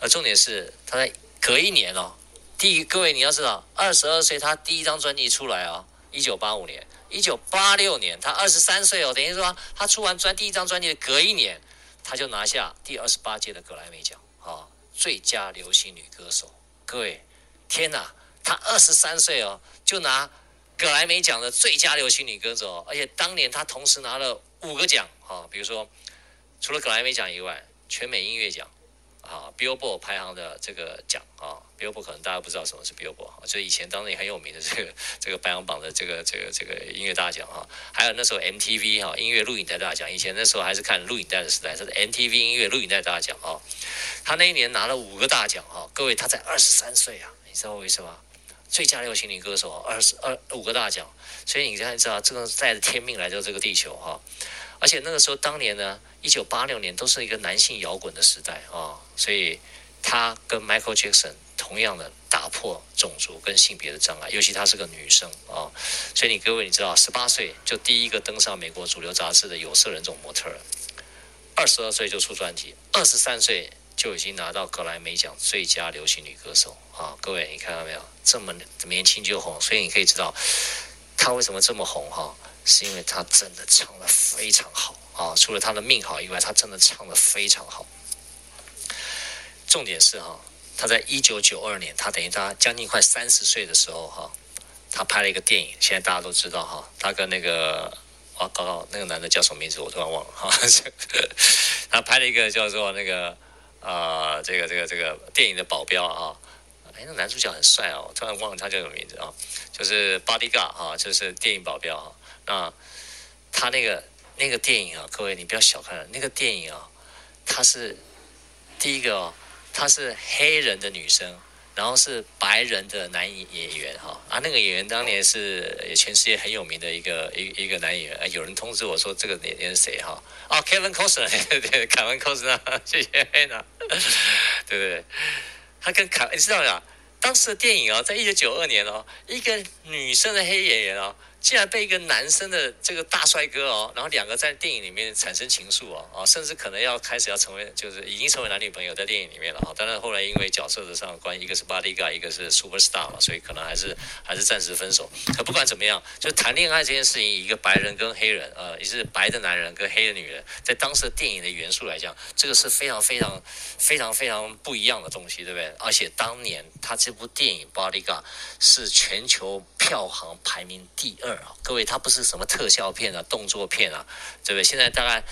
呃，重點是他在隔一年哦，第一，各位你要知道，二十二歲他第一張專輯出來哦，一九八五年，一九八六年，他二十三歲哦，等於說他出完專第一張專輯，隔一年他就拿下第二十八屆的格萊美獎啊、哦，最佳流行女歌手。各位，天呐，他二十三歲哦，就拿。格萊美獎的最佳流行女歌手，而且當年他同時拿了五個獎啊，比如說除了格萊美獎以外，全美音樂獎啊，Billboard 排行的這個獎啊，Billboard 可能大家不知道什麼是 Billboard，就以前當年很有名的這個這個排行榜的這個這個這個音樂大獎啊，還有那時候 MTV 哈音樂錄影帶大獎，以前那時候還是看錄影帶的時代，是 MTV 音樂錄影帶大獎啊，他那一年拿了五個大獎啊，各位他才二十三歲啊，你知道我意思嗎？最佳流行女歌手二十二五個大獎所以你現在知道這個帶着天命來到這個地球哈、哦，而且那個時候當年呢，一九八六年都是一個男性搖滾的時代啊、哦，所以他跟 Michael Jackson 同樣的打破種族跟性別的障礙，尤其他是個女生啊、哦，所以你各位你知道，十八歲就第一個登上美國主流雜誌的有色人種模特，二十二歲就出專輯，二十三歲。就已經拿到格萊美獎最佳流行女歌手啊！各位，你看到沒有？這麼年輕就紅，所以你可以知道她為什麼這麼紅哈、啊，是因為她真的唱得非常好啊！除了她的命好以外，她真的唱得非常好。重點是哈，她、啊、在一九九二年，她等於她將近快三十歲的時候哈，她、啊、拍了一個電影，現在大家都知道哈，她、啊、跟那個啊，搞搞那個男的叫什麼名字，我突然忘了哈，她、啊、拍了一個叫做那個。啊、呃，這個這個這個電影的保鏢啊，哎，那男主角很帥哦，啊，突然忘了他叫什麼名字啊，就是 Bodyguard 啊，就是電影保鏢啊。那他那個那個電影啊，各位你不要小看了那個電影啊，他是第一個哦，他是黑人的女生。然後是白人的男演員哈，啊，那個演員當年是全世界很有名的一個一一個男演員，呃，有人通知我說這個演員，這個，誰哈？哦，Kevin Costner，對對，Kevin Costner，謝謝 Anna，對對對，他跟凱，你知道沒有？當時的電影啊，哦，在一九九二年哦，一個女生的黑演員哦。竟然被一個男生的這個大帥哥哦，然後兩個在電影裡面產生情愫哦，啊、哦，甚至可能要開始要成為就是已經成為男女朋友在電影裡面了啊，當然後來因為角色的上關，一個是 Bodyguard 一個是 Superstar 嘛，所以可能還是還是暫時分手。可不管怎麼樣，就談戀愛這件事情，一個白人跟黑人，呃，也是白的男人跟黑的女人，在當時的電影的元素來講，這個是非常非常非常非常非常不一樣的東西，對不對？而且當年他這部電影《Bodyguard》是全球票房排名第二。各位，它不是什麼特效片啊，動作片啊，對不對？現在大概，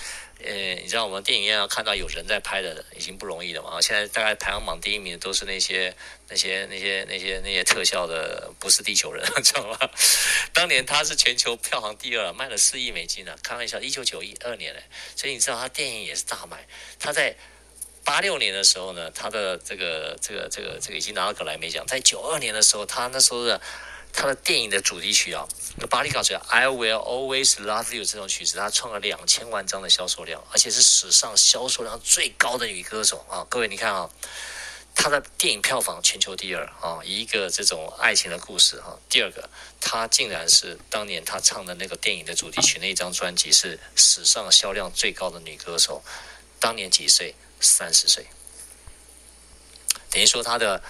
呃，你知道我們電影院要看到有人在拍的，已經不容易了嘛。現在大概排行榜第一名都是那些那些那些那些那些，那些特效的，不是地球人，知道嗎？當年他是全球票房第二，賣了四億美金啊！開玩笑，一九九一二年，所以你知道他電影也是大賣。他在八六年的時候呢，他的這個這個這個這個已經拿了格萊美獎。在九二年的時候，他那時候的。他的電影的主題曲啊，那《巴黎港》只要 “I will always love you” 這種曲子，她創了兩千萬張的銷售量，而且是史上銷售量最高的女歌手啊！各位，你看啊，他的電影票房全球第二啊，一個這種愛情的故事啊。第二個，他竟然是當年他唱的那個電影的主題曲那一張專輯是史上銷量最高的女歌手，當年幾歲？三十歲。等於說他的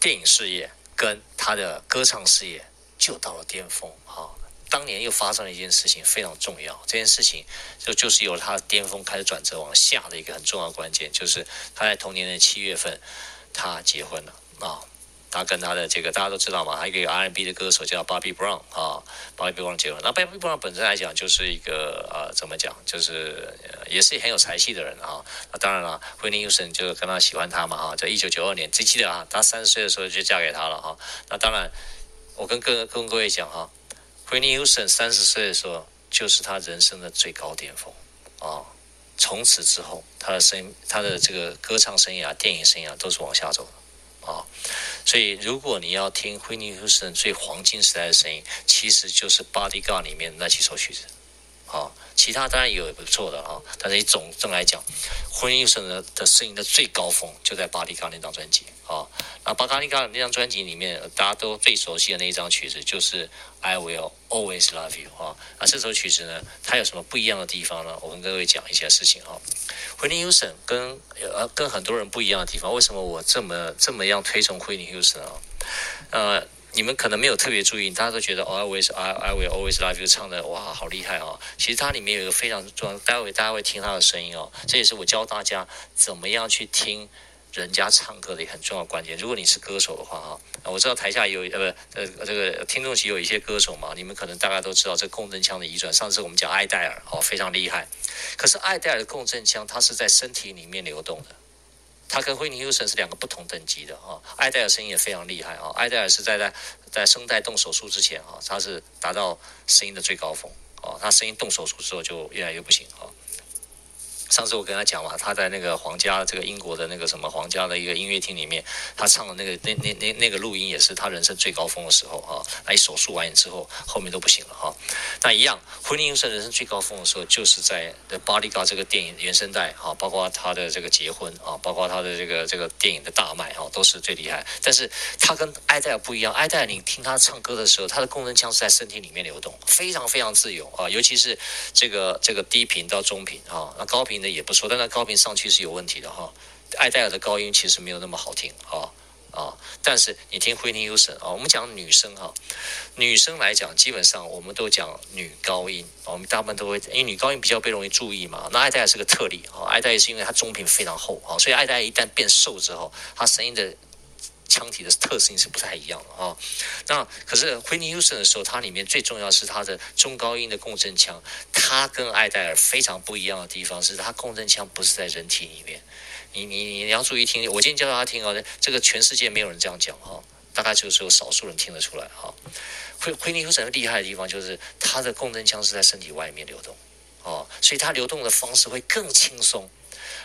電影事業。跟他的歌唱事業就到了巔峰啊！當年又發生了一件事情，非常重要。這件事情就就是由他的巔峰開始轉折往下的一個很重要關鍵，就是他在同年的七月份，他結婚了啊。他跟他的這個大家都知道嘛，還有一個 R&B 的歌手叫 Bobby Brown 啊 Bobby Brown 結婚。那 Bobby Brown 本身來講就是一個呃，怎麼講，就是、呃、也是很有才氣的人啊。那當然了 Whitney Houston 就跟他喜歡他嘛啊，在一九九二年，記得啊，他三十歲的時候就嫁給他了哈、啊。那當然，我跟各跟各位講哈 Whitney Houston 三十歲的時候就是他人生的最高巔峰啊，從此之後他的生他的這個歌唱生涯、啊、電影生涯、啊、都是往下走的啊。所以，如果你要聽惠妮休斯頓最黃金時代的聲音，其實就是《巴迪嘎》裡面那幾首曲子，啊、哦，其他當然有也有不錯的啊、哦，但是你總之來講，惠妮、嗯休斯頓的聲音的最高峰就在巴《巴迪嘎》那張專輯啊。啊，巴卡利卡那張專輯裡面，大家都最熟悉的那一張曲子就是《I Will Always Love You》啊。啊，這首曲子呢，它有什麼不一樣的地方呢？我跟各位講一些事情啊。惠妮休斯頓跟呃跟很多人不一樣的地方，為什麼我這麼這麼樣推崇惠妮休斯頓啊？呃，你們可能沒有特別注意，大家都覺得《I Will Always I I Will Always Love You》唱得哇好厲害啊，其實它裡面有一個非常重要，待會大家會聽它的聲音哦。這也是我教大家怎麼樣去聽。人家唱歌的也很重要關鍵。如果你是歌手的話，啊，我知道台下有呃不呃這個聽眾席有一些歌手嘛，你們可能大家都知道這個共振腔的移轉。上次我們講艾戴爾，哦，非常厲害，可是艾戴爾的共振腔它是在身體裡面流動的，它跟惠妮休斯頓是兩個不同等級的哈。艾戴爾聲音也非常厲害啊，艾戴爾是在在在聲帶動手術之前啊，它是達到聲音的最高峰哦，他聲音動手術之後就越來越不行啊。上次我跟他講嘛，他在那個皇家這個英國的那個什麼皇家的一個音樂廳裡面，他唱的那個那那那那個錄音也是他人生最高峰的時候啊。來手術完之後，後面都不行了哈、啊。那一樣，惠妮是人生最高峰的時候，就是在 The Bodyguard 這個電影原聲帶啊，包括他的這個結婚啊，包括他的這個這個電影的大賣哈、啊，都是最厲害。但是他跟愛黛兒不一樣，愛黛兒你聽他唱歌的時候，他的共鳴腔是在身體裡面流動，非常非常自由啊，尤其是這個這個低頻到中頻啊，那高頻。那也不錯，但它高頻上去是有問題的哈。愛戴爾的高音其實沒有那麼好聽啊啊！但是你聽 Whitney Houston 啊，我們講女生哈、啊，女生來講基本上我們都講女高音、啊，我們大部分都會，因為女高音比較被容易注意嘛。那愛戴爾是個特例啊，愛戴爾是因為它中頻非常厚啊，所以愛戴爾一旦變瘦之後，它聲音的。腔體的特性是不太一樣的啊、哦，那可是惠妮休斯頓的時候，它裡面最重要是它的中高音的共振腔，它跟愛黛兒非常不一樣的地方是，它共振腔不是在人體裡面。你你你要注意聽，我今天教大家聽哦，這個全世界沒有人這樣講哈、哦，大概就是有少數人聽得出來哈。惠惠妮休斯頓厲害的地方就是它的共振腔是在身體外面流動，哦，所以它流動的方式會更輕鬆。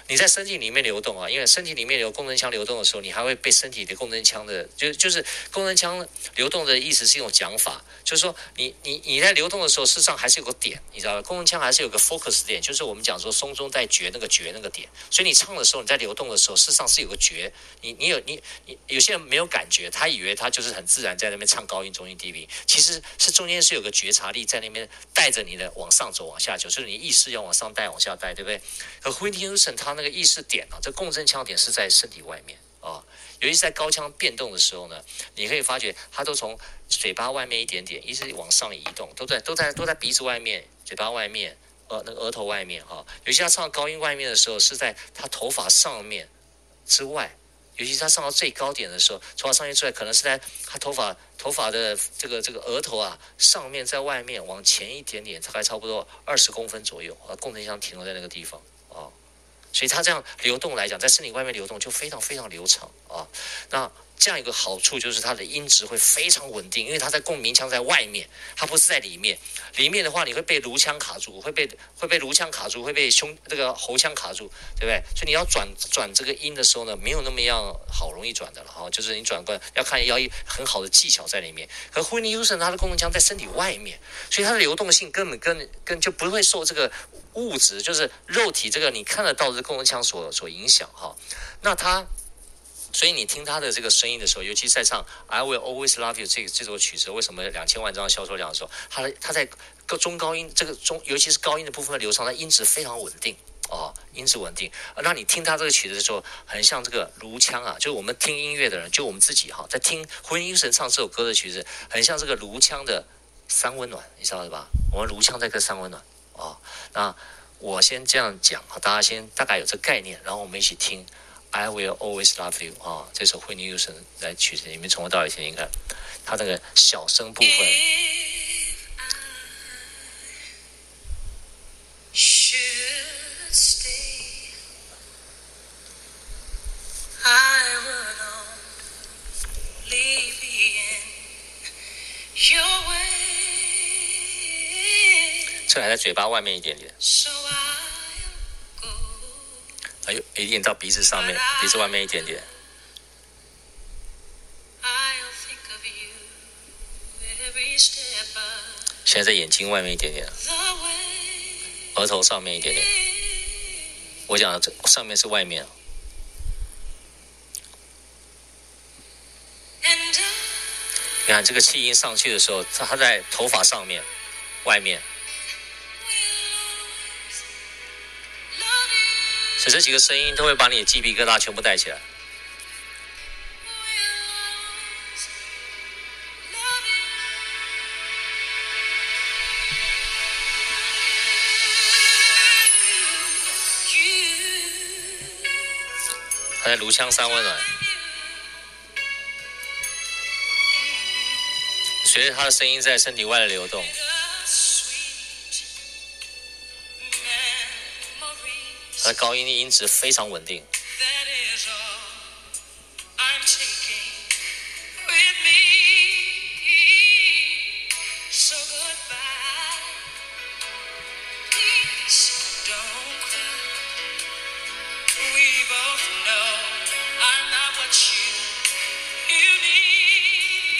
你在身體裡面流動啊，因為身體裡面有共振腔流動的時候，你還會被身體的共振腔的，就就是共振腔流動的意思是一種講法，就是說你你你在流動的時候，事實上還是有個點，你知道吧？共振腔還是有個 focus 點，就是我們講說鬆中帶覺那個覺那個點。所以你唱的時候，你在流動的時候，事實上是有個覺，你你有你你有些人沒有感覺，他以為他就是很自然在那邊唱高音、中音、低音，其實是中間是有個覺察力在那邊帶着你的往上走、往下走，就是你意識要往上帶、往下帶，對不對？而 Whitney Houston 他。那個意識點啊，這共振腔點是在身體外面啊、哦，尤其在高腔變動的時候呢，你可以發覺它都從嘴巴外面一點點一直往上移動，都在都在都在鼻子外面、嘴巴外面、呃那個額頭外面啊、哦。尤其他唱到高音外面的時候，是在他頭髮上面之外，尤其是他唱到最高點的時候，從他上面之外，可能是在他頭髮頭髮的這個這個額頭啊上面，在外面往前一點點，大概差不多二十公分左右，共振腔停留在那個地方。所以它這樣流動來講，在身體外面流動就非常非常流暢啊。那這樣一個好處就是它的音質會非常穩定，因為它的共鳴腔在外面，它不是在裡面。裡面的話，你會被顱腔卡住，會被會被顱腔卡住，會被胸這個喉腔卡住，對不對？所以你要轉轉這個音的時候呢，沒有那麼樣好容易轉的了哈、啊。就是你轉過來要看，要一很好的技巧在裡面。可惠妮休斯頓它的共鳴腔在身體外面，所以它的流動性根本跟根就不會受這個。物質就是肉體，這個你看得到是共鳴腔所所影響哈。那他，所以你聽他的這個聲音的時候，尤其在唱 I will always love you 這這首曲子，為什麼兩千萬張銷售量的時候，他他在中高音這個中，尤其是高音的部分的流暢，它音質非常穩定哦，音質穩定。那你聽他這個曲子的時候，很像這個顱腔啊，就是我們聽音樂的人，就我們自己哈，在聽惠妮神唱這首歌的曲子，很像這個顱腔的三溫暖，你知道吧？我們顱腔在跟三溫暖。啊，我先這樣講啊，大家先大概有這個概念，然後我們一起聽《I Will Always Love You》啊，這首惠妮·休斯頓來曲子，你們從頭到尾聽一看，他這個小聲部分。這還在嘴巴外面一點點。哎呦，一點到鼻子上面，鼻子外面一點點。現在在眼睛外面一點點。額頭上面一點點。我講這上面是外面。你看這個氣音上去的時候，它在頭髮上面，外面。可是這幾個聲音都會把你的雞皮疙瘩全部帶起來。他在顱腔三溫暖，隨着他的聲音在身體外的流動。那高音的音質非常穩定。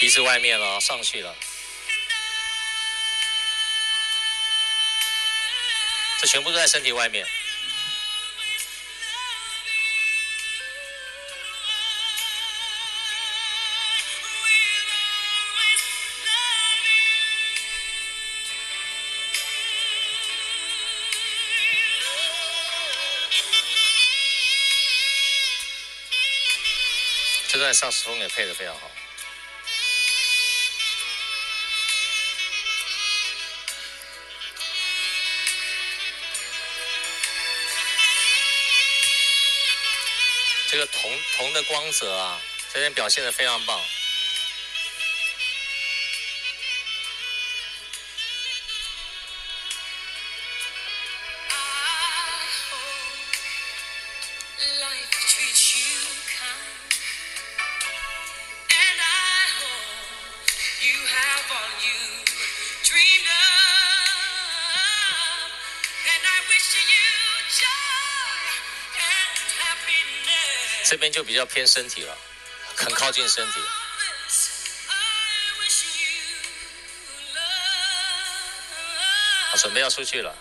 鼻子外面了，上去了。這全部都在身體外面。上時空也配的非常好，這個銅銅的光澤啊，這邊表現的非常棒。這邊就比較偏身體了，很靠近身體。我準備要出去了。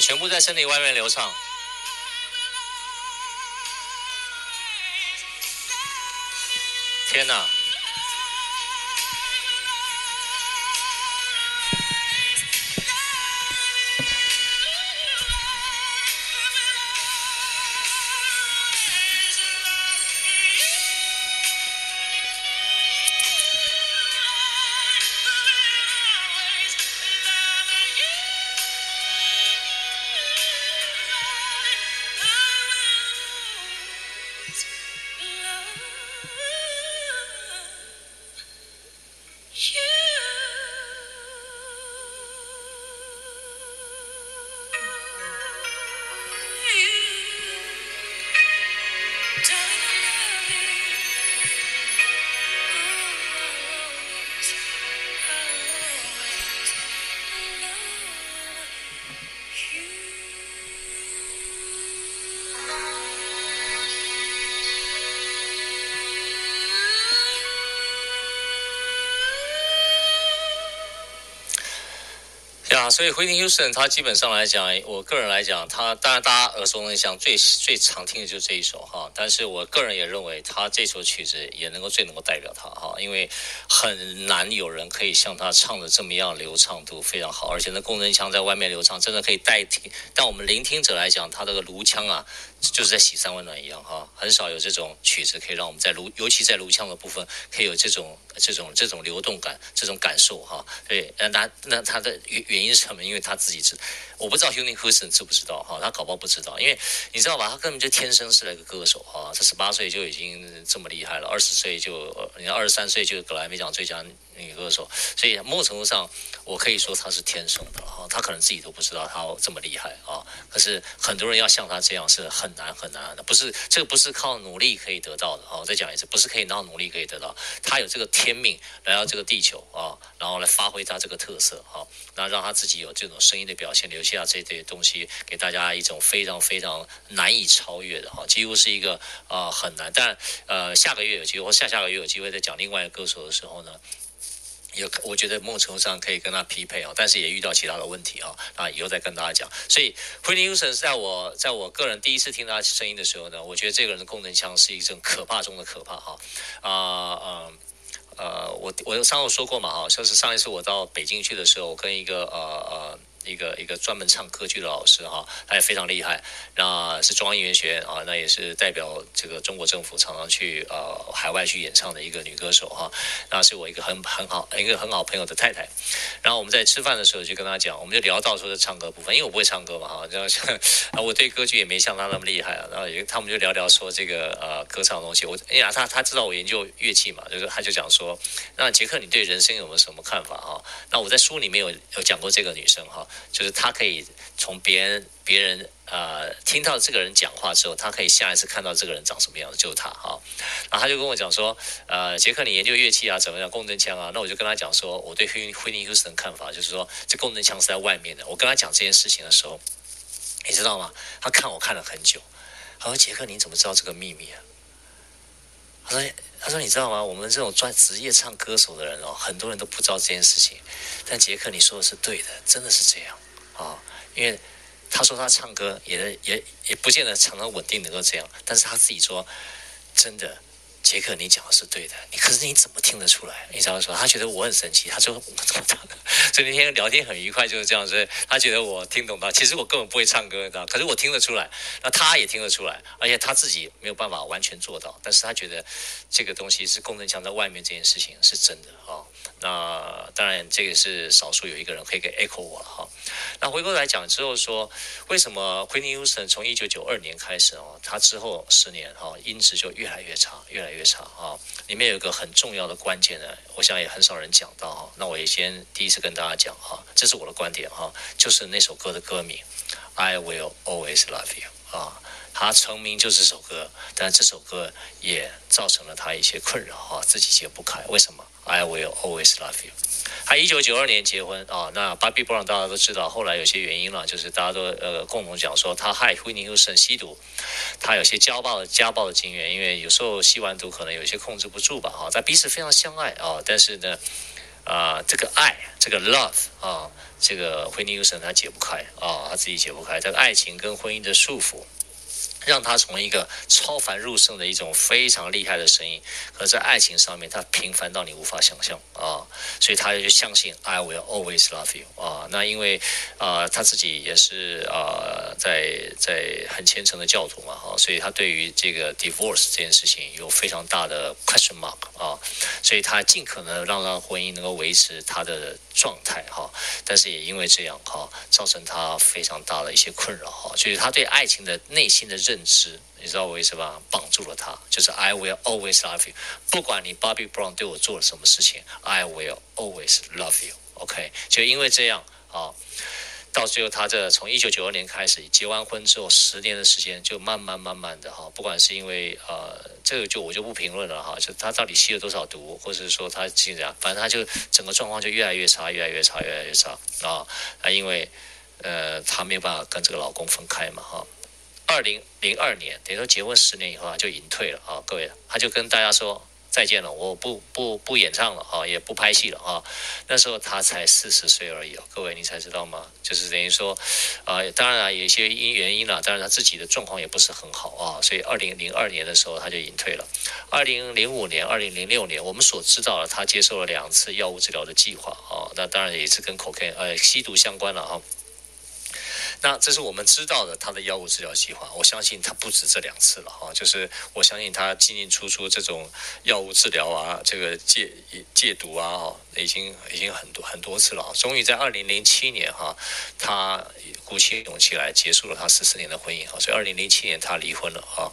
全部在身體外面流暢。天哪！所以 Whitney Houston 他，基本上來講，我個人來講，他當然大家耳熟能詳，最最常聽的就是這一首哈。但是我個人也認為，他這首曲子也能夠最能夠代表他哈，因為很難有人可以像他唱的這麼樣流暢度非常好，而且那共振腔在外面流暢，真的可以代替。但我們聆聽者來講，他的這個顱腔啊，就是在洗三溫暖一樣哈，很少有這種曲子可以讓我們在顱，尤其在顱腔的部分，可以有這種。這種這種流動感，這種感受哈，對，那那他的原原因是什麼？因為他自己知，我不知道 Whitney Houston 知不知道哈，他搞不好不知道，因為你知道吧，他根本就天生是那個歌手哈，他十八歲就已經這麼厲害了，二十歲就，你看二十三歲就格萊美獎最佳。女歌手，所以某種程度上，我可以說她是天生的啊，她可能自己都不知道她這麼厲害啊。可是很多人要像她這樣是很難很難的，不是這個不是靠努力可以得到的啊，我再講一次，不是可以，靠努力可以得到。她有這個天命來到這個地球啊，然後來發揮她這個特色、啊、那讓她自己有這種聲音的表現，留下這些東西給大家一種非常非常難以超越的哈、啊，幾乎是一個、啊、很難。但呃，下個月有機會，或下下個月有機會再講另外一個歌手的時候呢。也我覺得某種程度上可以跟他匹配哦，但是也遇到其他的問題哦，那、啊、以後再跟大家講。所以 Whitney Houston 在我在我個人第一次聽他聲音的時候呢，我覺得這個人的功能腔是一種可怕中的可怕哈、哦，啊、uh, 呃、uh, uh,，我我上回說過嘛啊，就是上一次我到北京去的時候，我跟一個呃呃。Uh, uh, 一個一個專門唱歌劇的老師哈，她也非常厲害，那是中央音樂學院啊，那也是代表這個中國政府常常去呃海外去演唱的一個女歌手哈、啊，那是我一個很很好一個很好朋友的太太，然後我們在吃飯的時候就跟她講，我們就聊到說的唱歌的部分，因為我不會唱歌嘛哈、啊，然後我對歌劇也沒像她那麼厲害啊，然後也他們就聊聊說這個呃歌唱的東西，我哎呀她她知道我研究樂器嘛，就是她就講說，那杰克你對人生有沒有什麼看法哈、啊？那我在書裡面有有講過這個女生哈。啊就是他可以從別人別人呃聽到這個人講話之後，他可以下一次看到這個人長什麼樣子，就是他哈、哦。然後他就跟我講說，呃，傑克，你研究樂器啊，怎麼樣，共振腔啊？那我就跟他講說，我對惠妮惠妮休斯頓的看法就是說，這共振腔是在外面的。我跟他講這件事情的時候，你知道嗎？他看我看了很久，他說：“傑克，你怎麼知道這個祕密啊？”他說。他說：“你知道嗎？我們這種專職業唱歌手的人哦，很多人都不知道這件事情。但傑克，你說的是對的，真的是這樣啊、哦。因為他說他唱歌也也也不見得唱得穩定能夠這樣，但是他自己說，真的。”傑克，你講的是對的，你可是你怎麼聽得出來？你知道說他覺得我很神奇，他說，我怎麼唱的，所以那天聊天很愉快，就是這樣。所以他覺得我聽懂他，其實我根本不會唱歌，知道嗎？可是我聽得出來，那他也聽得出來，而且他自己沒有辦法完全做到，但是他覺得這個東西是共振腔在外面這件事情是真的啊。哦那當然，這也是少數有一個人可以給 echo 我了哈。那回過來講之後說，為什麼惠妮·休斯頓從一九九二年開始哦，他之後十年哈音質就越來越差，越來越差哈。裡面有一個很重要的關鍵呢，我想也很少人講到哈。那我也先第一次跟大家講哈，這是我的觀點哈，就是那首歌的歌名《I Will Always Love You》啊。他成名就是這首歌，但這首歌也造成了他一些困擾哈，自己解不開。為什麼？I will always love you。他一九九二年結婚啊、哦，那 Bobby Brown 大家都知道，後來有些原因了，就是大家都呃共同講說他害惠妮休斯頓吸毒，他有些家暴家暴的經驗，因為有時候吸完毒可能有些控制不住吧哈。但、哦、彼此非常相愛啊、哦，但是呢，啊、呃、這個愛這個 love 啊、哦，這個惠妮休斯頓他解不開啊、哦，他自己解不開這個愛情跟婚姻的束縛。讓他從一個超凡入聖的一種非常厲害的聲音，可是在愛情上面，他平凡到你無法想象啊！所以他就相信 "I will always love you" 啊。那因為啊、呃，他自己也是啊、呃，在在很虔誠的教徒嘛哈、啊，所以他對於這個 divorce 這件事情有非常大的 question mark 啊，所以他盡可能讓讓婚姻能夠維持他的狀態哈、啊，但是也因為這樣哈、啊，造成他非常大的一些困擾哈，就、啊、是他對愛情的內心的認。是你知道我意思吧？綁住了他，就是 I will always love you。不管你 Bobby Brown 對我做了什麼事情，I will always love you。OK，就因為這樣啊、哦，到最後他這從一九九二年開始結完婚之後，十年的時間就慢慢慢慢的哈、哦，不管是因為呃，這個就我就不評論了哈、哦，就他到底吸了多少毒，或者是說他怎樣，反正他就整個狀況就越來越差，越來越差，越來越差啊啊、哦，因為呃，他沒有辦法跟這個老公分開嘛哈。哦二零零二年，等於說結婚十年以後啊，就隱退了啊，各位，他就跟大家說再見了，我不不不演唱了啊，也不拍戲了啊。那時候他才四十歲而已啊，各位，你才知道嗎？就是等於說，啊、呃，當然、啊、有一些因原因了、啊，當然他自己的狀況也不是很好啊，所以二零零二年的時候他就隱退了。二零零五年、二零零六年，我們所知道的，他接受了兩次藥物治療的計劃啊，那當然也是跟 cocaine，呃，吸毒相關了啊。那這是我們知道的他的藥物治療計劃，我相信他不止這兩次了哈，就是我相信他進進出出這種藥物治療啊，這個戒戒毒啊，已經已經很多很多次了。終於在二零零七年哈，他鼓起勇氣來結束了他十四年的婚姻哈，所以二零零七年他離婚了啊，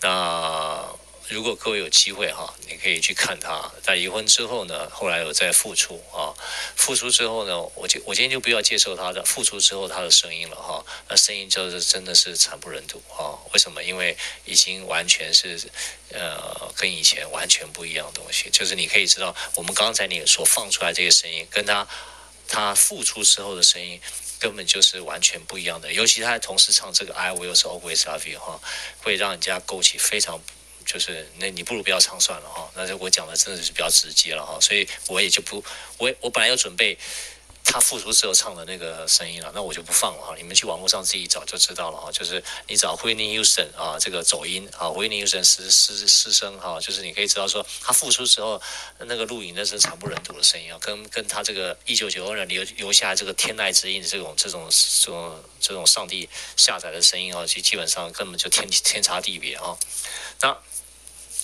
那。如果各位有機會哈，你可以去看他。在離婚之後呢，後來有再復出啊，復出之後呢，我就我今天就不要介紹他的復出之後他的聲音了哈。那聲音就是真的是慘不忍睹啊！為什麼？因為已經完全是呃跟以前完全不一樣的東西。就是你可以知道，我們剛才你所放出來這個聲音，跟他他復出之後的聲音根本就是完全不一樣的。尤其他同時唱這個 I Will Always Love You 哈，會讓人家勾起非常。就是那你，你不如不要唱算了哈、哦，那是我講的真的是比較直接了哈、哦，所以我也就不我我本來要準備他復出時候唱的那個聲音了，那我就不放了哈、哦，你們去網絡上自己找就知道了啊、哦，就是你找 Whitney Houston 啊，這個走音啊，Whitney Houston 失失失聲哈，就是你可以知道說他復出之後那個錄音那是慘不忍睹的聲音啊，跟跟他這個一九九二年留留下這個天籟之音的這種這種這種這種上帝下載的聲音啊，就基本上根本就天天差地別啊，那。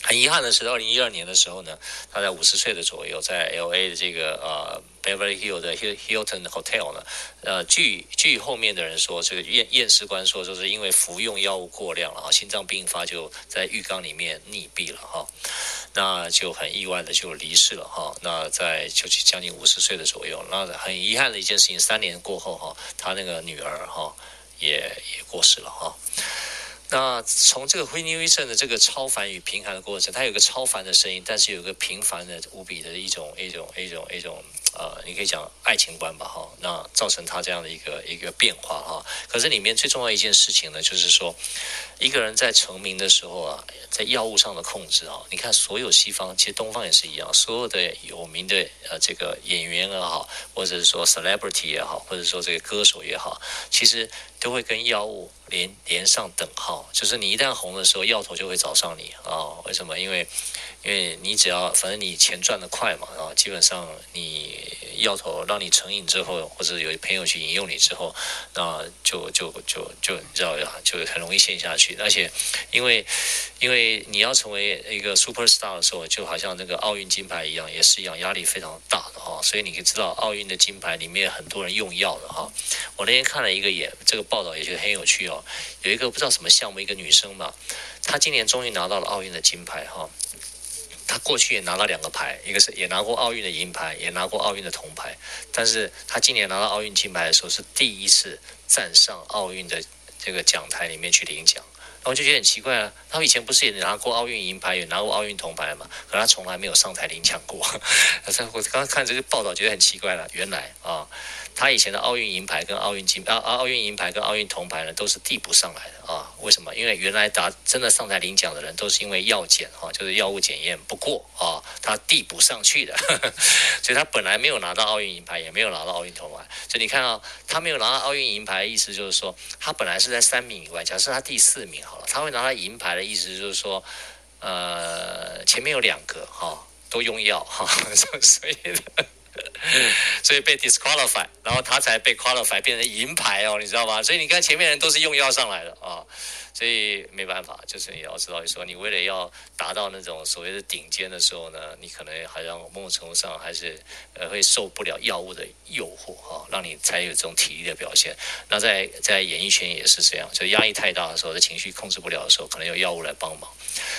很遺憾的是，二零一二年的時候呢，他在五十歲的左右，在 L A 的這個呃、uh, Beverly Hill Hill 的 Hilton Hotel 呢，呃，據據後面的人說，這個驗驗屍官說，就是因為服用藥物過量了啊，心臟病發就在浴缸裡面溺斃了哈，那就很意外的就離世了哈。那在就將近五十歲的左右，那很遺憾的一件事情，三年過後哈，他那個女兒哈也也過世了哈。 *noise* 那從這個惠妮一生的這個超凡與平凡的過程，它有個超凡的聲音，但是有個平凡的無比的一種一種一種一種。一種一種一種呃，你可以講愛情觀吧，哈、哦，那造成他這樣的一個一個變化，哈、哦。可是裡面最重要一件事情呢，就是說，一個人在成名的時候啊，在藥物上的控制啊、哦，你看所有西方，其實東方也是一樣，所有的有名的呃這個演員、啊、也好，或者是說 celebrity 也好，或者說這個歌手也好，其實都會跟藥物連連上等號、哦。就是你一旦紅的時候，藥頭就會找上你啊、哦？為什麼？因為因為你只要反正你錢賺的快嘛，然後基本上你藥頭讓你成癮之後，或者有朋友去引誘你之後，那就就就就你知道就很容易陷下去。而且，因為因為你要成為一個 super star 的時候，就好像那個奧運金牌一樣，也是一樣壓力非常大的哈。所以你可以知道，奧運的金牌裡面很多人用藥的哈。我那天看了一個也這個報道，也是很有趣哦。有一個不知道什麼項目，一個女生嘛，她今年終於拿到了奧運的金牌哈。他過去也拿了兩個牌，一個是也拿過奧運的銀牌，也拿過奧運的銅牌。但是他今年拿到奧運金牌的時候，是第一次站上奧運的這個獎台裡面去領獎。然後我就覺得很奇怪了、啊，他以前不是也拿過奧運銀牌，也拿過奧運銅牌嘛？可他從來沒有上台領獎過。 *laughs* 我剛剛看這個報道，覺得很奇怪了、啊。原來啊。他以前的奧運銀牌跟奧運金牌，奧運銀牌跟奧運銅牌呢，都是遞補上來的啊。為什麼？因為原來打真的上台領獎的人，都是因為藥檢哈，就是藥物檢驗不過啊，他遞補上去的， *laughs* 所以他本來沒有拿到奧運銀牌，也沒有拿到奧運銅牌。所以你看啊、哦，他沒有拿到奧運銀牌的意思就是說他本來是在三名以外。假設他第四名好了，他會拿到銀牌的意思就是說，呃，前面有兩個哈、啊，都用藥哈、啊，所以。 *laughs* 所以被 disqualify 然後他才被 qualify 變成銀牌哦，你知道嗎？所以你看前面人都是用藥上來的啊、哦，所以沒辦法，就是你要知道你說，說你為了要達到那種所謂的頂尖的時候呢，你可能好像某種程度上還是呃會受不了藥物的誘惑啊、哦，讓你才有這種體力的表現。那在在演藝圈也是這樣，就壓力太大的時候，情緒控制不了的時候，可能有藥物來幫忙。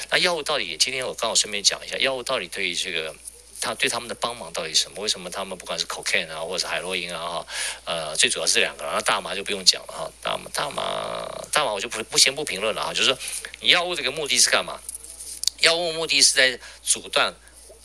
那藥物到底？今天我剛好順便講一下，藥物到底對於這個。他對他們的幫忙到底是什麼？為什麼他們不管是 cocaine 啊，或者是海洛因啊，哈，呃，最主要是兩個，然後大麻就不用講了哈，大麻大麻大麻我就不不先不評論了哈，就是說，你藥物這個目的是幹嘛？藥物目的是在阻斷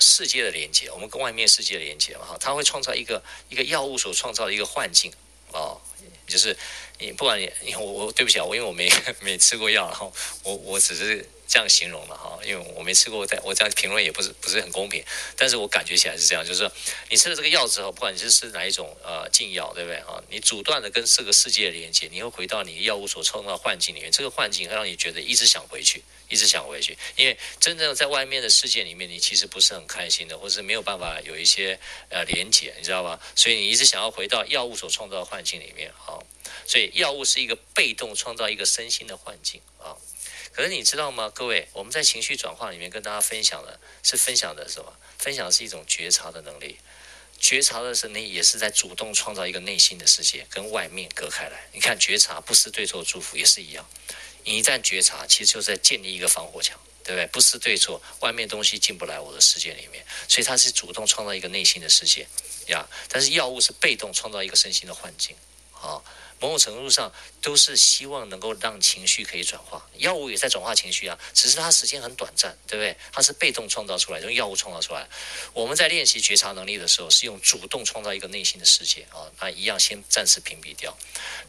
世界的連接，我們跟外面世界的連接嘛，哈，它會創造一個一個藥物所創造的一個幻境，哦，就是你不管你我我對不起我因為我沒沒吃過藥，然後我我只是。這樣形容了哈，因為我沒吃過，我在我這樣評論也不是不是很公平，但是我感覺起來是這樣，就是說你吃了這個藥之後，不管你是吃哪一種呃禁藥，對不對啊？你阻斷了跟這個世界的連接，你會回到你藥物所創造的幻境裡面，這個幻境讓你覺得一直想回去，一直想回去，因為真正在外面的世界裡面，你其實不是很開心的，或是沒有辦法有一些呃連接，你知道吧？所以你一直想要回到藥物所創造的幻境裡面啊，所以藥物是一個被動創造一個身心的幻境啊。可是你知道嗎？各位，我們在情緒轉化裡面跟大家分享的，是分享的是什麼？分享的是一種覺察的能力，覺察的時候，你也是在主動創造一個內心的世界，跟外面隔開來。你看，覺察不是對錯，祝福也是一樣。你一旦覺察，其實就是在建立一個防火牆，對不對？不是對錯，外面東西進不來我的世界裡面。所以它是主動創造一個內心的世界呀。但是藥物是被動創造一個身心的環境，好。某種程度上都是希望能夠讓情緒可以轉化，藥物也在轉化情緒啊，只是它時間很短暫，對不對？它是被動創造出來，用藥物創造出來。我們在練習覺察能力的時候，是用主動創造一個內心的世界啊、哦，那一樣先暫時屏蔽掉。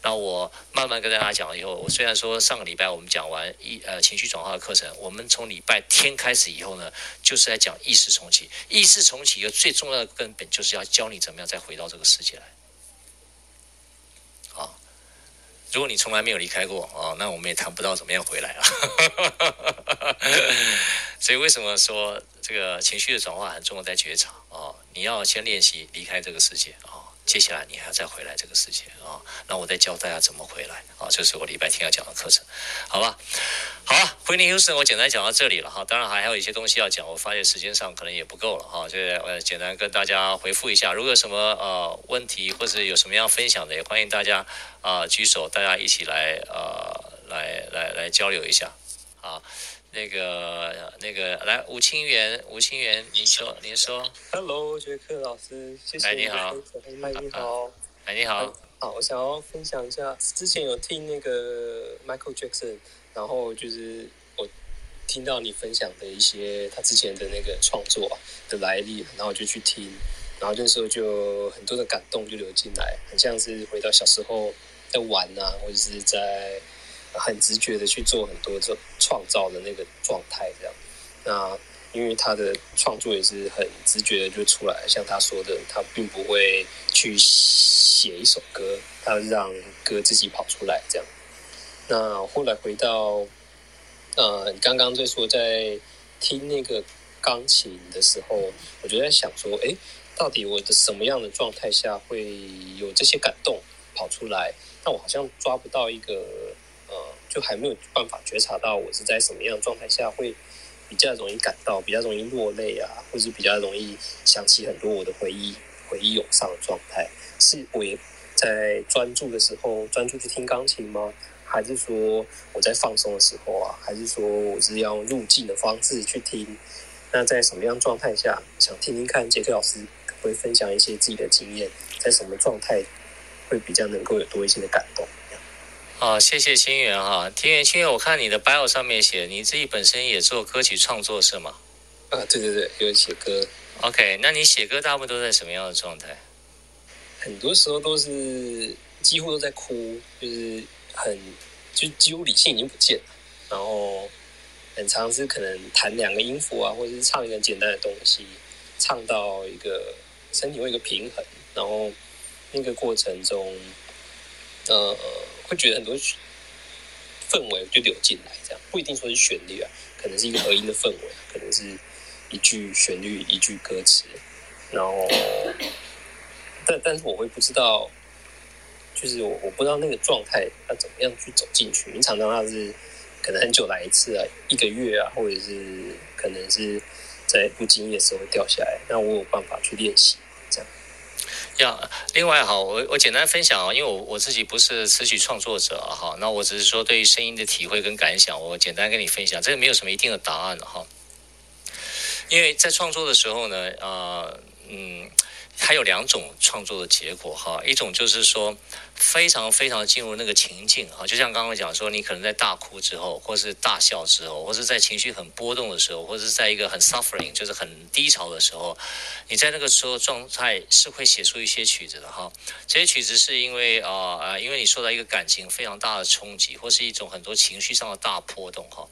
那我慢慢跟大家講了以後，我雖然說上個禮拜我們講完一呃情緒轉化的課程，我們從禮拜天開始以後呢，就是在講意識重啟。意識重啟一個最重要的根本，就是要教你怎麼樣再回到這個世界來。如果你從來沒有離開過啊，那我們也談不到怎麼樣回來啊。 *laughs* 所以為什麼說這個情緒的轉化很重要，在覺察啊，你要先練習離開這個世界啊。接下來你還要再回來這個事情啊，那我再教大家怎麼回來啊，這、就是我禮拜天要講的課程，好吧？好、啊，惠妮休斯頓我簡單講到這裡了哈、啊，當然還還有一些東西要講，我發現時間上可能也不夠了哈、啊，就我簡單跟大家回復一下，如果有什麼呃問題或者有什麼要分享的，也歡迎大家啊、呃、舉手，大家一起來呃來來來交流一下啊。那個那個來吳清源，吳清源，您說您說，Hello，
傑克老師，謝謝 Hey,，你好，
你好，你好，好，ah
ah, 我想要分享一下，之前有聽那個 Michael Jackson，然後就是我聽到你分享的一些他之前的那個創作、啊、的來歷，然後我就去聽，然後那時候就很多的感動就流進來，很像是回到小時候在玩吶、啊，或者是在。很直覺的去做很多這創造的那個狀態，這樣。那因為他的創作也是很直覺的就出來，像他說的，他並不會去寫一首歌，他讓歌自己跑出來這樣。那後來回到，呃，剛剛在說在聽那個鋼琴的時候，我就在想說，哎，到底我的什麼樣的狀態下會有這些感動跑出來？那我好像抓不到一個。就還沒有辦法覺察到我是在什麼樣的狀態下會比較容易感到、比較容易落淚啊，或是比較容易想起很多我的回憶、回憶湧上的狀態，是我在專注的時候，專注去聽鋼琴嗎？還是說我在放鬆的時候啊？還是說我是要用入靜的方式去聽？那在什麼樣狀態下想聽聽看？杰克老師會分享一些自己的經驗，在什麼狀態會比較能夠有多一些的感動？
啊、哦，謝謝清源哈，清源清源，清我看你的 bio 上面寫你自己本身也做歌曲創作是嗎？啊，對對對，有寫歌。OK，那你寫歌大部分都在什麼樣的狀態？
很多時候都是幾乎都在哭，就是很就幾乎理性已經不見了。然後很常是可能彈兩個音符啊，或者是唱一個簡單的東西，唱到一個身體有一個平衡，然後那個過程中，呃。會覺得很多氛圍就流進來，這樣不一定說是旋律啊，可能是一個和音的氛圍啊，可能是一句旋律、一句歌詞，然後，但但是我會不知道，就是我我不知道那個狀態要怎麼樣去走進去。你常常他是可能很久來一次啊，一個月啊，或者是可能是，在不經意的時候會掉下來，那我有辦法去練習？
呀，yeah, 另外哈，我我簡單分享啊，因為我我自己不是詞曲創作者哈、啊，那我只是說，對於聲音的體會跟感想，我簡單跟你分享，這個沒有什麼一定的答案哈、啊，因為在創作的時候呢，啊、呃、嗯，還有兩種創作的結果哈、啊，一種就是說。非常非常進入那個情境啊，就像剛剛講說，你可能在大哭之後，或是大笑之後，或是在情緒很波動的時候，或是在一個很 suffering 就是很低潮的時候，你在那個時候狀態是會寫出一些曲子的哈。這些曲子是因為啊啊、呃，因為你受到一個感情非常大的衝擊，或是一種很多情緒上的大波動哈。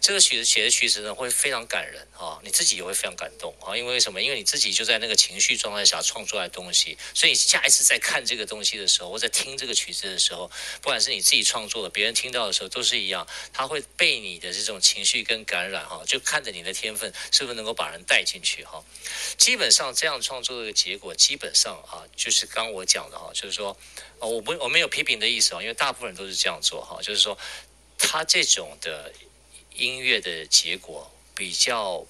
這個曲子寫的曲子呢，會非常感人。啊，你自己也會非常感動啊！因為什麼？因為你自己就在那個情緒狀態下創作的東西，所以你下一次再看這個東西的時候，或者聽這個曲子的時候，不管是你自己創作的，別人聽到的時候都是一樣，他會被你的這種情緒跟感染哈，就看着你的天分是不是能夠把人帶進去哈。基本上這樣創作的結果，基本上啊，就是剛剛我講的哈，就是說，我不我沒有批評的意思啊，因為大部分人都是這樣做哈，就是說，他這種的音樂的結果。比較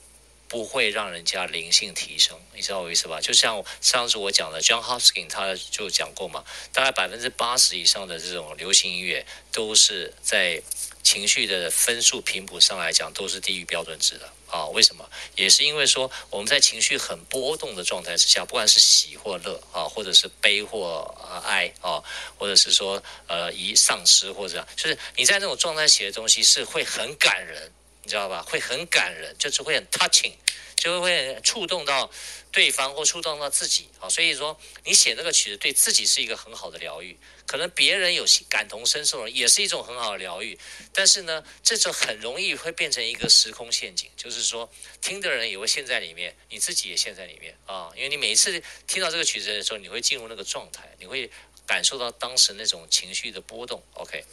不會讓人家靈性提升，你知道我意思吧？就像上次我講的，John Hoskin，他就講過嘛，大概百分之八十以上的這種流行音樂，都是在情緒的分數頻譜上來講，都是低於標準值的啊。為什麼？也是因為說我們在情緒很波動的狀態之下，不管是喜或樂啊，或者是悲或、呃、哀啊，或者是說呃，一喪失或者這樣，就是你在那種狀態寫的東西是會很感人。你知道吧？會很感人，就是會很 touching，就會會觸動到對方或觸動到自己。啊。所以說你寫那個曲子，對自己是一個很好的療癒。可能別人有感同身受的人也是一種很好的療癒。但是呢，這就很容易會變成一個時空陷阱，就是說聽的人也會陷在裡面，你自己也陷在裡面啊、哦。因為你每一次聽到這個曲子的時候，你會進入那個狀態，你會感受到當時那種情緒的波動。OK。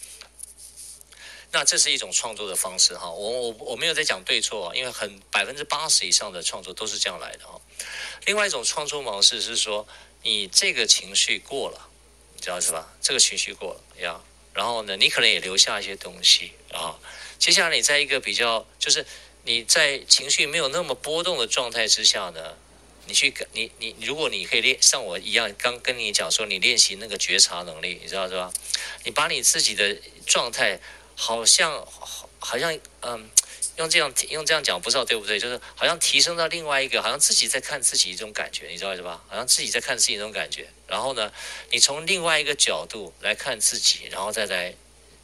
那這是一種創作的方式哈，我我我沒有在講對錯，因為很百分之八十以上的創作都是這樣來的哈。另外一種創作模式是說，你這個情緒過了，你知道是吧？這個情緒過了呀，然後呢，你可能也留下一些東西啊。然後接下來你在一個比較就是你在情緒沒有那麼波動的狀態之下呢，你去跟你你如果你可以練像我一樣剛跟你講說，你練習那個覺察能力，你知道是吧？你把你自己的狀態。好像，好像，嗯，用這樣用這樣講不知道對不對，就是好像提升到另外一個，好像自己在看自己一種感覺，你知道是吧？好像自己在看自己一種感覺。然後呢，你從另外一個角度來看自己，然後再來，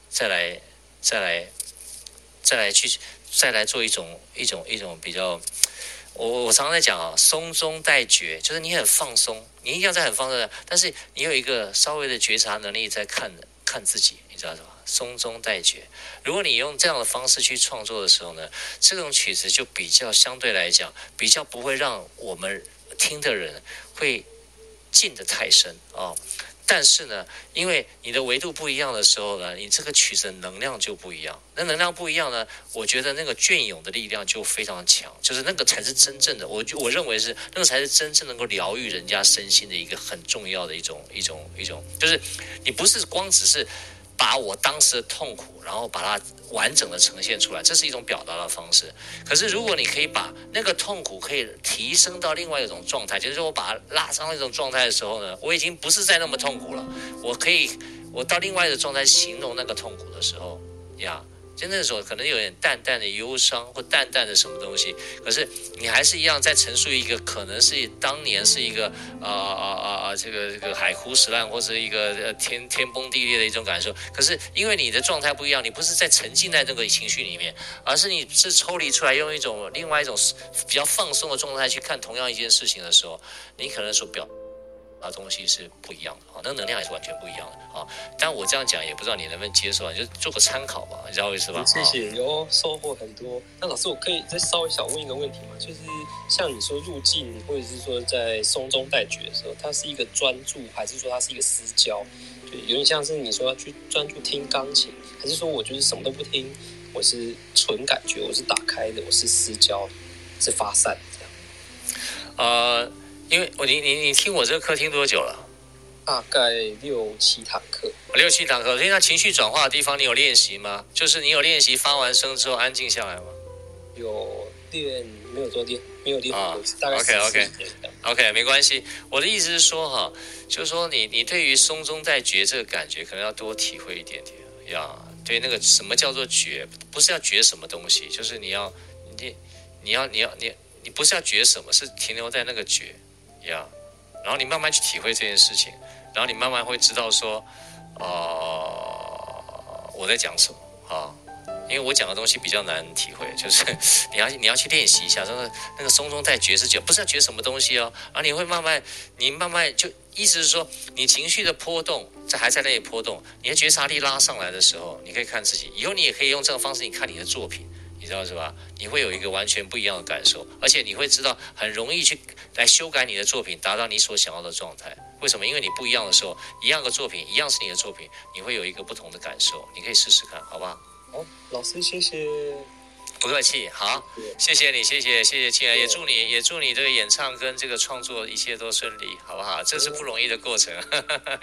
再來，再來，再來，再來去，再來做一種一種一種比較。我我常常在講啊，鬆中帶覺，就是你很放鬆，你一定要在很放鬆，但是你有一個稍微的覺察能力在看看自己，你知道是吧？中中待絕，如果你用這樣的方式去創作的時候呢，這種曲子就比較相對來講比較不會讓我們聽的人會進得太深啊、哦。但是呢，因為你的維度不一樣的時候呢，你這個曲子能量就不一樣。那能量不一樣呢，我覺得那個雋永的力量就非常強，就是那個才是真正的。我我認為是那個才是真正能夠療癒人家身心的一個很重要的一種一種一種，就是你不是光只是。把我當時的痛苦，然後把它完整的呈現出來，這是一種表達的方式。可是，如果你可以把那個痛苦可以提升到另外一種狀態，就是說我把它拉上一種狀態的時候呢，我已經不是再那麼痛苦了。我可以，我到另外一個狀態形容那個痛苦的時候，呀、yeah.。在那時候，可能有點淡淡的憂傷或淡淡的什麼東西，可是你還是一樣在陳述一個可能是當年是一個啊啊啊啊這個這個海枯石爛或是一個天天崩地裂的一種感受。可是因為你的狀態不一樣，你不是在沉浸在那個情緒裡面，而是你是抽離出來，用一種另外一種比較放鬆的狀態去看同樣一件事情的時候，你可能說表。那、啊、東西是不一樣的啊、哦，那能量也是完全不一樣的啊、哦。但我這樣講也不知道你能不能接受啊，就做個參考吧，你知道我意思吧？謝謝，
有、哦呃、收穫很多。那老師，我可以再稍微想問一個問題嗎？就是像你說入境，或者是說在鬆中帶覺的時候，它是一個專注，還是說它是一個私交？對，有點像是你說要去專注聽鋼琴，還是說我就是什麼都不聽，我是純感覺，我是打開的，我是私交，是發散的這樣。啊。呃因為
我你你你聽我這個課聽多久了？大概六七堂課、哦，六七堂課。那情緒轉化的地方，你有練習嗎？就是你有練習發完聲之後安靜下來嗎？
有練，沒有做練，沒有練，哦、大概
OK OK OK，沒關係。我的意思是說哈，就是說你你對於鬆中帶覺這個感覺，可能要多體會一點點。要對那個什麼叫做覺，不是要覺什麼東西，就是你要你你要你要你你不是要覺什麼，是停留在那個覺。一樣，yeah, 然後你慢慢去體會這件事情，然後你慢慢會知道說，啊、呃，我在講什麼啊？因為我講的東西比較難體會，就是你要你要去練習一下，真的那個鬆中帶覺是覺，不是覺什麼東西哦。然後你會慢慢，你慢慢就意思是說，你情緒的波動這還在那裡波動，你的覺察力拉上來的時候，你可以看自己，以後你也可以用這個方式你看你的作品。你知道是吧？你會有一個完全不一樣的感受，而且你會知道很容易去來修改你的作品，達到你所想要的狀態。為什麼？因為你不一樣的時候，一樣的作品，一樣是你的作品，你會有一個不同的感受。你可以試試看，好不好？好、哦，老師，謝謝。不客氣，好，謝謝，謝謝你，謝謝，謝謝親，親愛謝，也祝你也祝你這個演唱跟這個創作一切都順利，好不好？這是不容易的過程，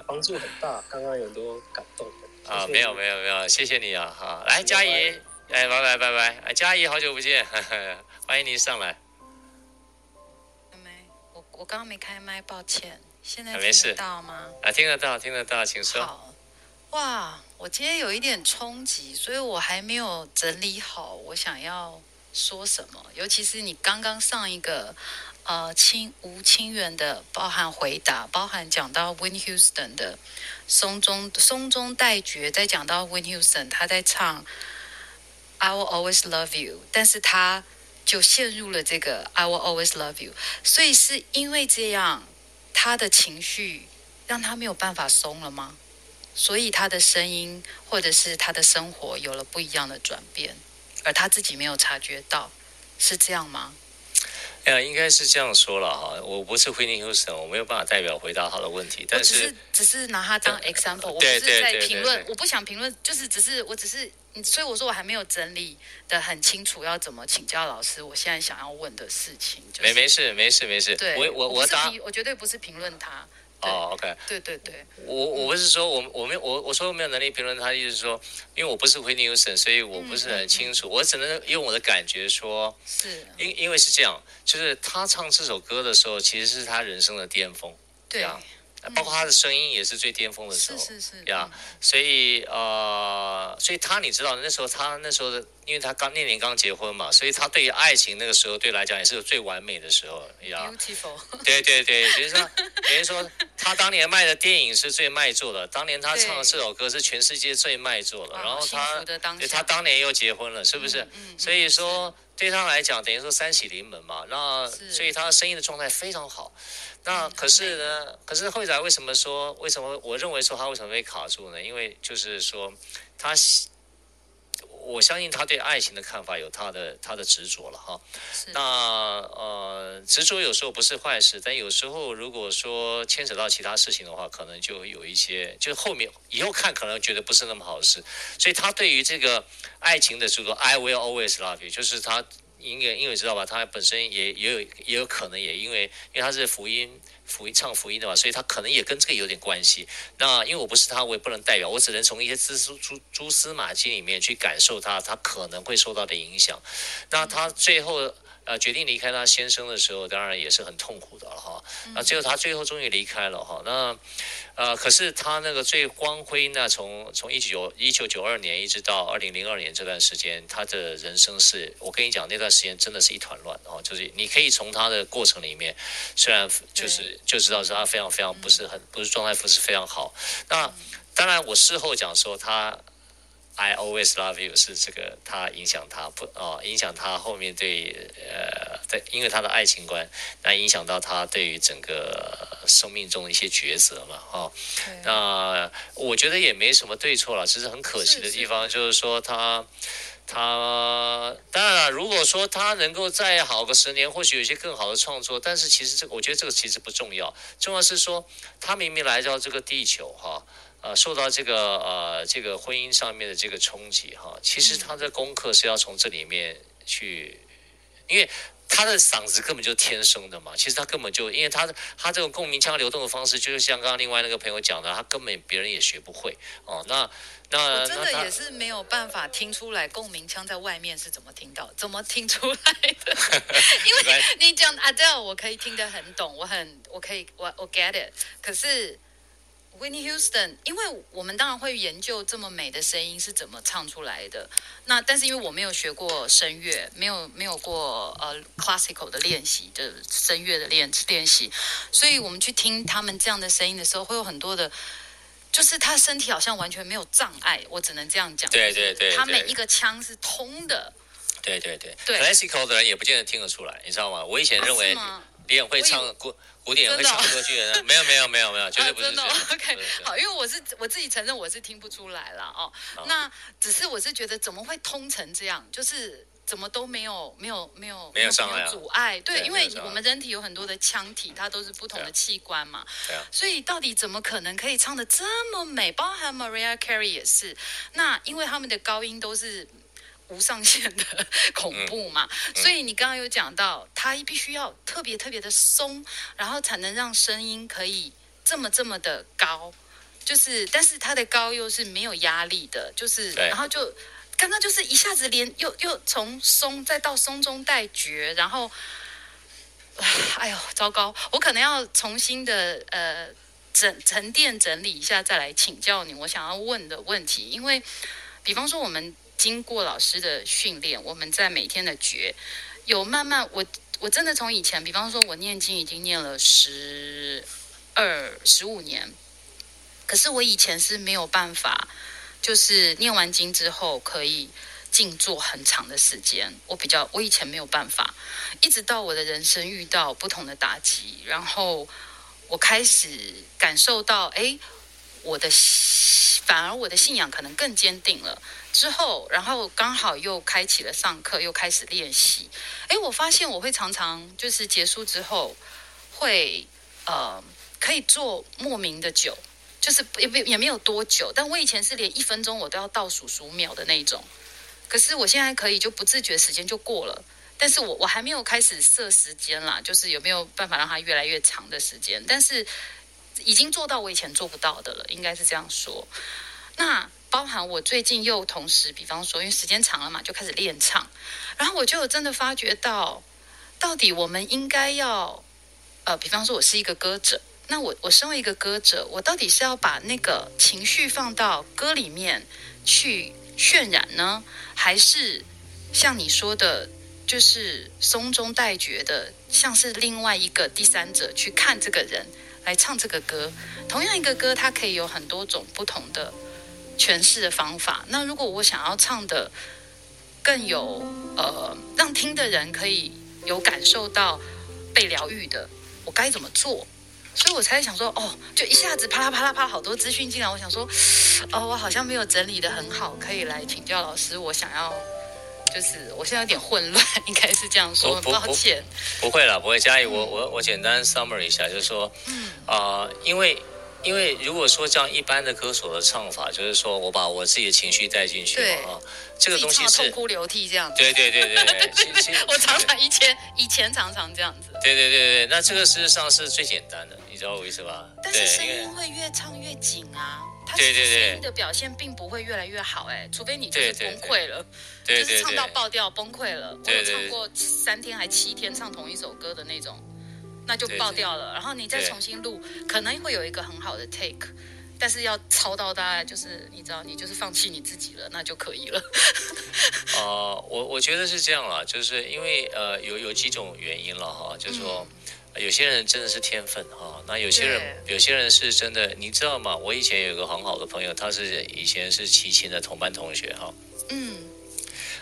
幫助很大。 *laughs* 剛
剛有多感動
啊？沒有，沒有，沒有，謝謝你啊！好，歡來，佳怡。哎，拜拜拜拜！哎，嘉怡，好久不見呵呵，歡迎你上來。
我我剛剛沒開麥，抱歉。現在聽得到嗎？
啊，聽得到，聽得到，請說。好，
哇，我今天有一點衝擊，所以我還沒有整理好我想要說什麼。尤其是你剛剛上一個，呃，清無清源的包含回答，包含講到 Whitney Houston 的鬆中鬆中帶絕，再講到 Whitney Houston 他在唱。I will always love you，但是他就陷入了這個 I will always love you，所以是因為這樣，他的情緒讓他沒有辦法鬆了嗎？所以他的聲音或者是他的生活有了不一樣的轉變，而他自己沒有察覺到，是這樣嗎？
哎呀，應該是這樣說了哈，我不是 Whitney Houston，我沒有辦法代表回答他的問題，但我只是
只是拿他當 example，我不是在評論，我不想評論，就是只是我只是。所以我說我還沒有整理的很清楚，要怎麼請教老師？我現在想要問的事情，沒沒事
沒事沒事。沒事沒事對，我我我當，我，
答我絕對不是評論他。哦，OK。對對對，
我、嗯、我不是說我我沒我我說我沒有能力評論他，就是說，因為我不是惠妮休斯頓，所以我不是很清楚，嗯、我只能用我的感覺說，是。因因為是這樣，就是他唱這首歌的時候，其實是他人生的巔峰，對。包括他的聲音也是最巔峰的時候，是是，是呀，嗯、所以呃，所以他你知道那時候他那時候的，因為他剛那年剛結婚嘛，所以他對於愛情那個時候對來講也是有最完美的時候呀，Beautiful，對對對 *laughs* 比，比如說，所以說他當年賣的電影是最賣座的，當年他唱的這首歌是全世界最賣座的。對然後他當對他當年又結婚了，是不是？嗯嗯嗯、所以說。對他來講，等於說三喜臨門嘛，那是所以他聲音的狀態非常好。那、嗯、可是呢，嗯、可是後來為什麼說，為什麼我認為說他為什麼會卡住呢？因為就是說他。我相信他對愛情的看法有他的他的執着了哈，是的 那呃執着有時候不是壞事，但有時候如果說牽扯到其他事情的話，可能就有一些就是後面以後看可能覺得不是那麼好的事，所以他對於這個愛情的這個 I will always love you，就是他因為因為知道吧，他本身也也有也有可能也因為因為他是福音，福音唱福音的嘛，所以他可能也跟這個有點關係。那因為我不是他，我也不能代表，我只能從一些蛛絲蛛蛛絲馬跡裡面去感受他，他可能會受到的影響。那他最後。啊、呃，決定離開他先生的時候，當然也是很痛苦的了哈。那最後他最後終於離開了哈。那，呃，可是他那個最光輝，那從從一九一九九二年一直到二零零二年這段時間，他的人生是，我跟你講，那段時間真的是一團亂啊。就是你可以從他的過程裡面，雖然就是對就知道是他非常非常不是很、嗯、不是狀態不是非常好。那當然我事後講說他。I always love you 是這個他影響他，不，哦，影響他後面對，呃，對，因為他的愛情觀來影響到他對於整個生命中的一些抉擇嘛。啊、哦、Okay. 那我覺得也沒什麼對錯了，只是很可惜的地方是是就是說他他當然了，如果說他能夠再好個十年，或許有些更好的創作，但是其實這個，我覺得這個其實不重要，重要是說他明明來到這個地球哈。哦受到這個呃，這個婚姻上面的這個衝擊哈，其實他的功課是要從這裡面去，因為他的嗓子根本就天生的嘛，其實他根本就，因為他他這種共鳴腔流動的方式，就是像剛剛另外那個朋友講的，他根本別人也學不會哦。那那我真的也是
沒有辦法聽出來共鳴腔在外面是怎麼聽到，怎麼聽出來的？因為你講 *laughs* Adele，我可以聽得很懂，我很我可以我我 get it，可是。Whitney Houston，因為我們當然會研究這麼美的聲音是怎麼唱出來的。那但是因為我沒有學過聲樂，沒有沒有過呃 classical 的練習，就聲樂的練練習，所以我們去聽他們這樣的聲音的時候，會有很多的，就是他身體好像完全沒有障礙，我只能這樣講。對對對，對，他每一個腔是通的。
對對對，對，對，classical 的人也不見得聽得出來，你知道嗎？我以前認為你也會唱過。古典歌曲的,的、哦 *laughs* 沒，沒有沒有沒有沒有，絕對不是、啊。
真的、哦、，OK，好，因為我是我自己承認我是聽不出來了哦。好那只是我是覺得怎麼會通成這樣，就是怎麼都沒有沒有沒有沒有、啊、沒有阻礙。對，對因為我們人體有很多的腔體，它都是不同的器官嘛。對,、啊對啊、所以到底怎麼可能可以唱的這麼美？包含 Mariah Carey 也是。那因為他們的高音都是。無上限的恐怖嘛，嗯、所以你剛剛有講到，嗯、它必須要特別特別的鬆，然後才能讓聲音可以這麼這麼的高，就是但是它的高又是沒有壓力的，就是對然後就剛剛就是一下子連又又從鬆再到鬆中帶絕，然後哎呦糟糕，我可能要重新的呃整沉澱整理一下再來請教你我想要問的問題，因為比方說我們。經過老師的訓練，我們在每天的覺有慢慢，我我真的從以前，比方說，我念經已經念了十二十五年，可是我以前是沒有辦法，就是念完經之後可以靜坐很長的時間。我比較，我以前沒有辦法，一直到我的人生遇到不同的打擊，然後我開始感受到，哎，我的，反而我的信仰可能更堅定了。之後，然後剛好又開啟了上課，又開始練習。哎，我發現我會常常就是結束之後會呃，可以做莫名的久，就是也沒有也沒有多久。但我以前是連一分鐘我都要倒數數秒的那種，可是我現在可以就不自覺時間就過了。但是我我還沒有開始設時間啦，就是有沒有辦法讓它越來越長的時間？但是已經做到我以前做不到的了，應該是這樣說。那。包含我最近又同時，比方說，因為時間長了嘛，就開始練唱，然後我就真的發覺到，到底我們應該要，呃，比方說，我是一個歌者，那我我身為一個歌者，我到底是要把那個情緒放到歌裡面去渲染呢？還是像你說的，就是鬆中帶絕的，像是另外一個第三者去看這個人來唱這個歌，同樣一個歌，它可以有很多種不同的，詮釋的方法。那如果我想要唱的更有呃，讓聽的人可以有感受到被療癒的，我該怎麼做？所以我才想說，哦，就一下子啪啦啪啦啪，好多資訊進來，我想說，哦，我好像沒有整理得很好，可以來請教老師。我想要，就是我現在有點混亂，應該是這樣說，不不，抱歉。
不會了，不會，加油。嘉怡、嗯，我我我簡單 summary 一下，就是說，啊、嗯呃，因為。因為如果說像一般的歌手的唱法，就是說我把我自己的情緒帶進去，對啊，這個東西是痛哭
流涕這樣子。對對對對對，我常常以前以前常常這樣子。
對對對對，那這個事實上是最簡單的，你知道我意思吧？但是聲音
會越唱越緊啊，他其實聲音的表現並不會越來越好，哎，除非你就是崩潰了，就是唱到爆掉崩潰了。我有唱過三天還七天唱同一首歌的那種。那就爆掉了，對對，然後你再重新錄，對可能會有一個很好的 take，但是要抄到大概就是你知道，你就是放棄你自己了，那就可以了。
哦、 *laughs* 呃，我我覺得是這樣啦，就是因為呃有有幾種原因了哈，就是說、嗯、有些人真的是天分哈，那有些人對有些人是真的，你知道嗎？我以前有一個很好的朋友，他是以前是齊秦的同班同學哈，嗯。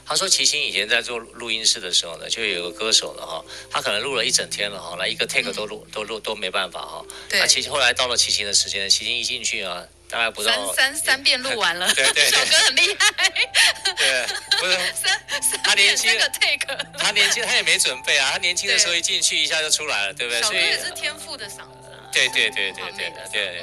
他說：“齊秦以前在做錄音室的時候呢，就有個歌手了哈，他可能錄了一整天了哈，來一個 take 都錄、嗯、都錄都沒辦法哈。那齊對、啊、後來到了齊秦的時間，齊秦一進去啊，大概不知道三三
三遍錄完了，對，對對，小哥很厲害。對，
不是
三三，他年輕個，take，他年輕他也沒準
備啊，他年輕的時候一進去一下就出來了，對，對不對？所以小哥也是
天賦的嗓子。”
對對對對對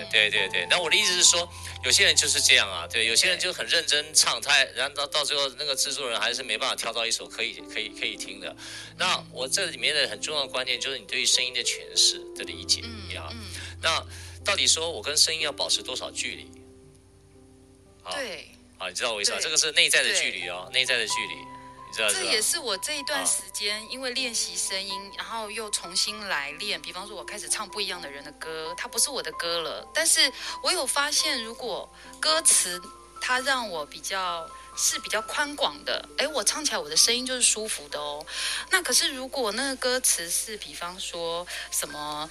對對對對，那我的意思是說，有些人就是這樣啊，對，有些人就很認真唱，他然後到到最後那個製作人還是沒辦法挑到一首可以可以可以聽的。那我這裡面的很重要的觀念就是你對於聲音的詮釋的理解、啊，嗯嗯、那到底說我跟聲音要保持多少距離？
好，
對好，你知道我意思吧、啊？對這個是內在的距離哦，對內在的距離。這也是
我這一段時間因為練習聲音，啊、然後又重新來練。比方說，我開始唱不一樣的人的歌，它不是我的歌了。但是我有發現，如果歌詞它讓我比較是比較寬廣的，哎，我唱起來我的聲音就是舒服的哦。那可是如果那個歌詞是比方說什麼，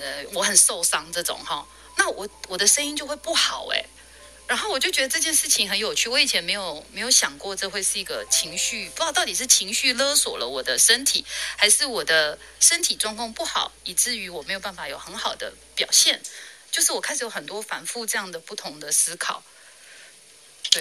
呃，我很受傷這種哈、哦，那我我的聲音就會不好誒。然後我就覺得這件事情很有趣，我以前沒有沒有想過這會是一個情緒，不知道到底是情緒勒索了我的身體，還是我的身體狀況不好，以至於我沒有辦法有很好的表現。就是我開始有很多反覆這樣的不同的思考。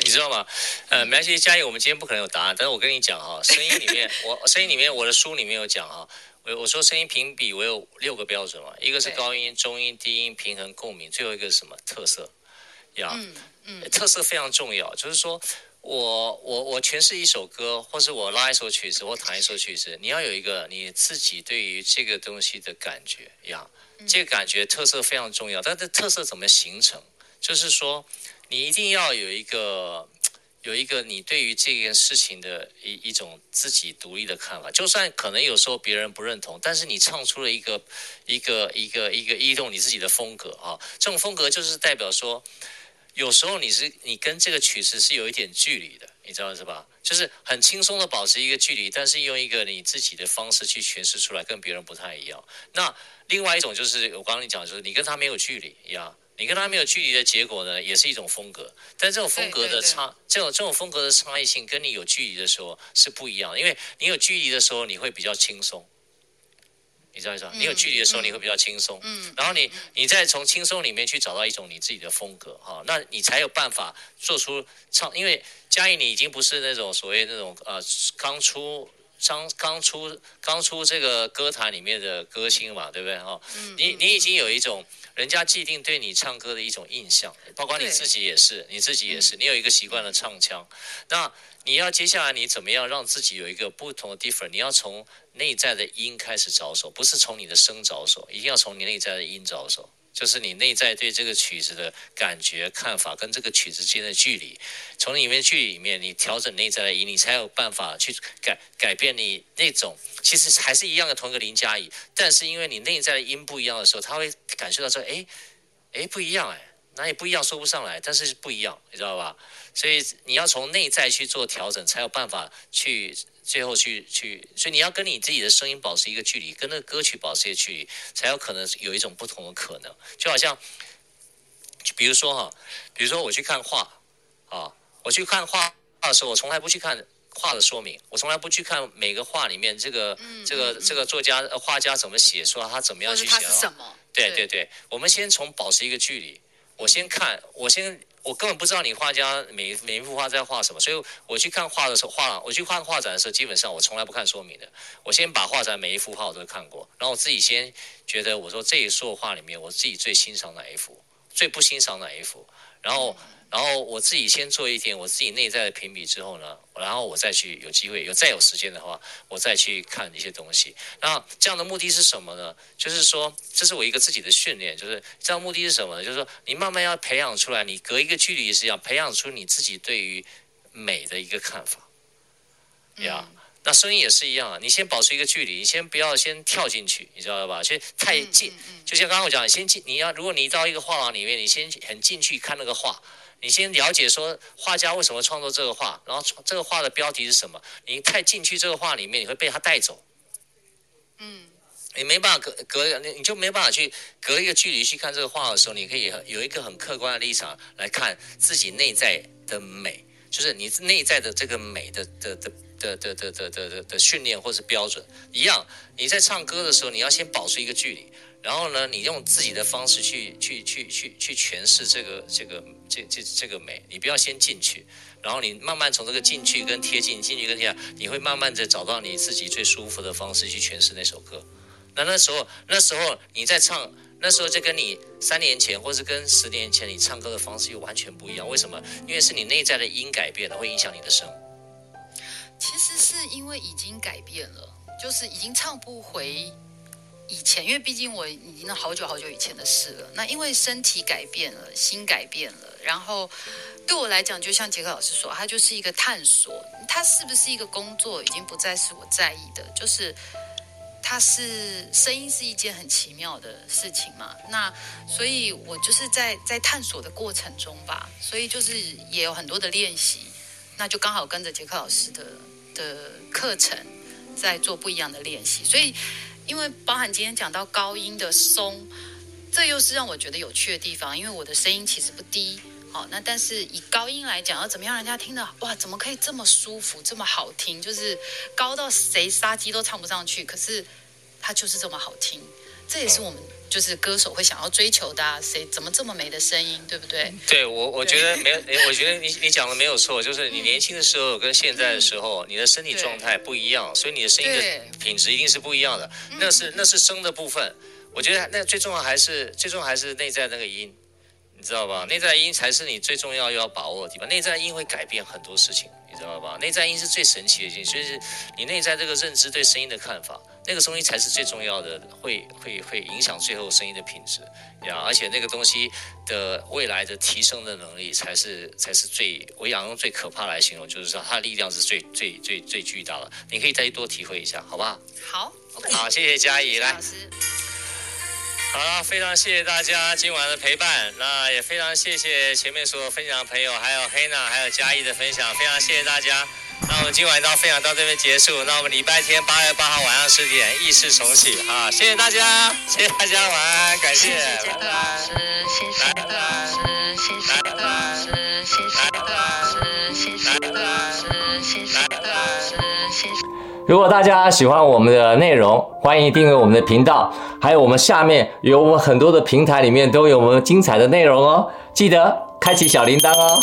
你知道嗎？呃，沒關係，嘉怡，我們今天不可能有答案，但是我跟你講哈、哦，聲音裡面， *laughs* 我聲音裡面，我的書裡面有講啊、哦，我我說聲音評比，我有六個標準嘛，一個是高音、對中音、低音平衡共鳴，最後一個是什麼特色？要。嗯特色非常重要，就是說我，我我我詮釋一首歌，或是我拉一首曲子，我彈一首曲子，你要有一個你自己對於這個東西的感覺呀。Yeah, mm hmm. 這個感覺特色非常重要，但是特色怎麼形成？就是說，你一定要有一個有一個你對於這件事情的一一種自己獨立的看法，就算可能有時候別人不認同，但是你唱出了一個一個一個一個異動，你自己的風格啊，這種風格就是代表說。有時候你是你跟這個曲子，是有一點距離的，你知道是吧？就是很輕鬆的保持一個距離，但是用一個你自己的方式去詮釋出來，跟別人不太一樣。那另外一種就是我剛剛跟你講說，你跟他沒有距離呀，你跟他沒有距離的結果呢，也是一種風格。但這種風格的差，這種這種風格的差異性，跟你有距離的時候是不一樣的，因為你有距離的時候，你會比較輕鬆。你知道知道？你有距離的時候，你會比較輕鬆。嗯嗯，然後你，你再從輕鬆裡面去找到一種你自己的風格，哈，那你才有辦法做出唱。因為嘉義，你已經不是那種所謂那種呃，剛出剛剛出剛出這個歌壇裡面的歌星嘛，對不對？哈，你你已經有一種。人家既定對你唱歌的一種印象，包括你自己也是，對你自己也是，嗯、你有一個習慣的唱腔，那你要接下來你怎麼樣讓自己有一個不同的 d i f f e r e n c，你要從內在的音開始着手，不是從你的聲着手，一定要從你內在的音着手。就是你內在對這個曲子的感覺、看法跟這個曲子之間的距離，從裡面距離裡面，你調整內在的音，你才有辦法去改改變你那種其實還是一樣的同一個零加一，但是因為你內在的音不一樣的時候，他會感覺到說，哎，哎不一樣誒，哎哪裡不一樣說不上來，但是不一樣，你知道吧？所以你要從內在去做調整，才有辦法去。最後去去，所以你要跟你自己的聲音保持一個距離，跟那個歌曲保持一個距離，才有可能有一種不同的可能。就好像，就比如說哈，比如說我去看畫啊，我去看畫的時候，我從來不去看畫的說明，我從來不去看每個畫裡面這個、嗯、這個、嗯嗯、這個作家畫家怎麼寫出來，他怎麼樣去寫啊？對對對，我們先從保持一個距離，我先看，嗯、我先。我根本不知道你畫家每一每一幅畫在畫什麼，所以我去看畫的時候，畫我去看畫，畫展的時候，基本上我從來不看說明的。我先把畫展每一幅畫我都看過，然後我自己先覺得，我說這一束畫裡面，我自己最欣賞哪一幅，最不欣賞哪一幅，然後。然後我自己先做一點我自己內在的評比之後呢，然後我再去有機會有再有時間的話，我再去看一些東西。那這樣的目的是什麼呢？就是說這是我一個自己的訓練，就是這樣目的是什麼呢？就是說你慢慢要培養出來，你隔一個距離是要培養出你自己對於美的一個看法，呀。那聲音也是一樣啊，你先保持一個距離，你先不要先跳進去，你知道吧？所以太近，就像剛剛我講，先進你要如果你到一個畫廊裡面，你先很近去看那個畫。你先了解說畫家為什麼創作這個畫，然後這個畫的標題是什麼？你太進去這個畫裡面，你會被他帶走。嗯，你沒辦法隔隔，你就沒辦法去隔一個距離去看這個畫的時候，你可以有一個很客觀的立場來看自己內在的美，就是你內在的這個美的的的的的的的的的訓練或是標準一樣。你在唱歌的時候，你要先保持一個距離。然後呢，你用自己的方式去去去去去詮釋這個這個這這這個美，你不要先進去，然後你慢慢從這個進去跟貼近進去跟貼近，你會慢慢的找到你自己最舒服的方式去詮釋那首歌。那那時候那時候你在唱，那時候就跟你三年前或是跟十年前你唱歌的方式又完全不一樣。為什麼？因為是你內在的音改變了，會影響你的聲。
其實是因為已經改變了，就是已經唱不回。以前，因為畢竟我已經好久好久以前的事了。那因為身體改變了，心改變了，然後對我來講，就像傑克老師說，他就是一個探索。他是不是一個工作，已經不再是我在意的。就是，他是聲音是一件很奇妙的事情嘛。那所以，我就是在在探索的過程中吧。所以就是也有很多的練習。那就剛好跟着傑克老師的的課程，在做不一樣的練習。所以。因為包含今天講到高音的鬆，這又是讓我覺得有趣的地方。因為我的聲音其實不低，好、哦，那但是以高音來講，要、啊、怎麼樣人家聽到哇，怎麼可以這麼舒服，這麼好聽？就是高到誰殺雞都唱不上去，可是它就是這麼好聽。這也是我們、哦。就是歌手會想要追求的，啊，誰怎麼這麼美的聲音，對不對？
對我，我覺得沒有，對 *laughs* 我覺得你你講的沒有錯，就是你年輕的時候跟現在的時候，嗯、你的身體狀態不一樣，對所以你的聲音的品質一定是不一樣的。對那是那是聲的部分，嗯、我覺得那最重要還是，最重要還是內在那個音，你知道吧？內在音才是你最重要又要把握的地方，內在音會改變很多事情，你知道吧？內在音是最神奇的事情，所以是你內在這個認知對聲音的看法。那個東西才是最重要的，會會會影響最後聲音的品質呀！而且那個東西的未來的提升的能力才是才是最，我想用最可怕來形容，就是說它力量是最最最最巨大的。你可以再多體會一下，好不好？好，OK 好，謝謝佳怡。謝謝來。好了，非常謝謝大家今晚的陪伴，那也非常謝謝前面所有分享的朋友，還有黑娜，還有佳怡的分享，非常謝謝大家。那我們今晚到分享，到這邊結束。那我們禮拜天八月八號晚上十點，意識重啟啊！謝謝大家，謝謝大家，晚安，感謝，老師，謝謝老師，謝謝老師，謝謝老師，謝謝老師，謝謝。如果大家喜歡我們的內容，歡迎訂閱我們的頻道。還有我們下面有我們很多的平台裡面都有我們精彩的內容哦，記得開啟小鈴鐺哦。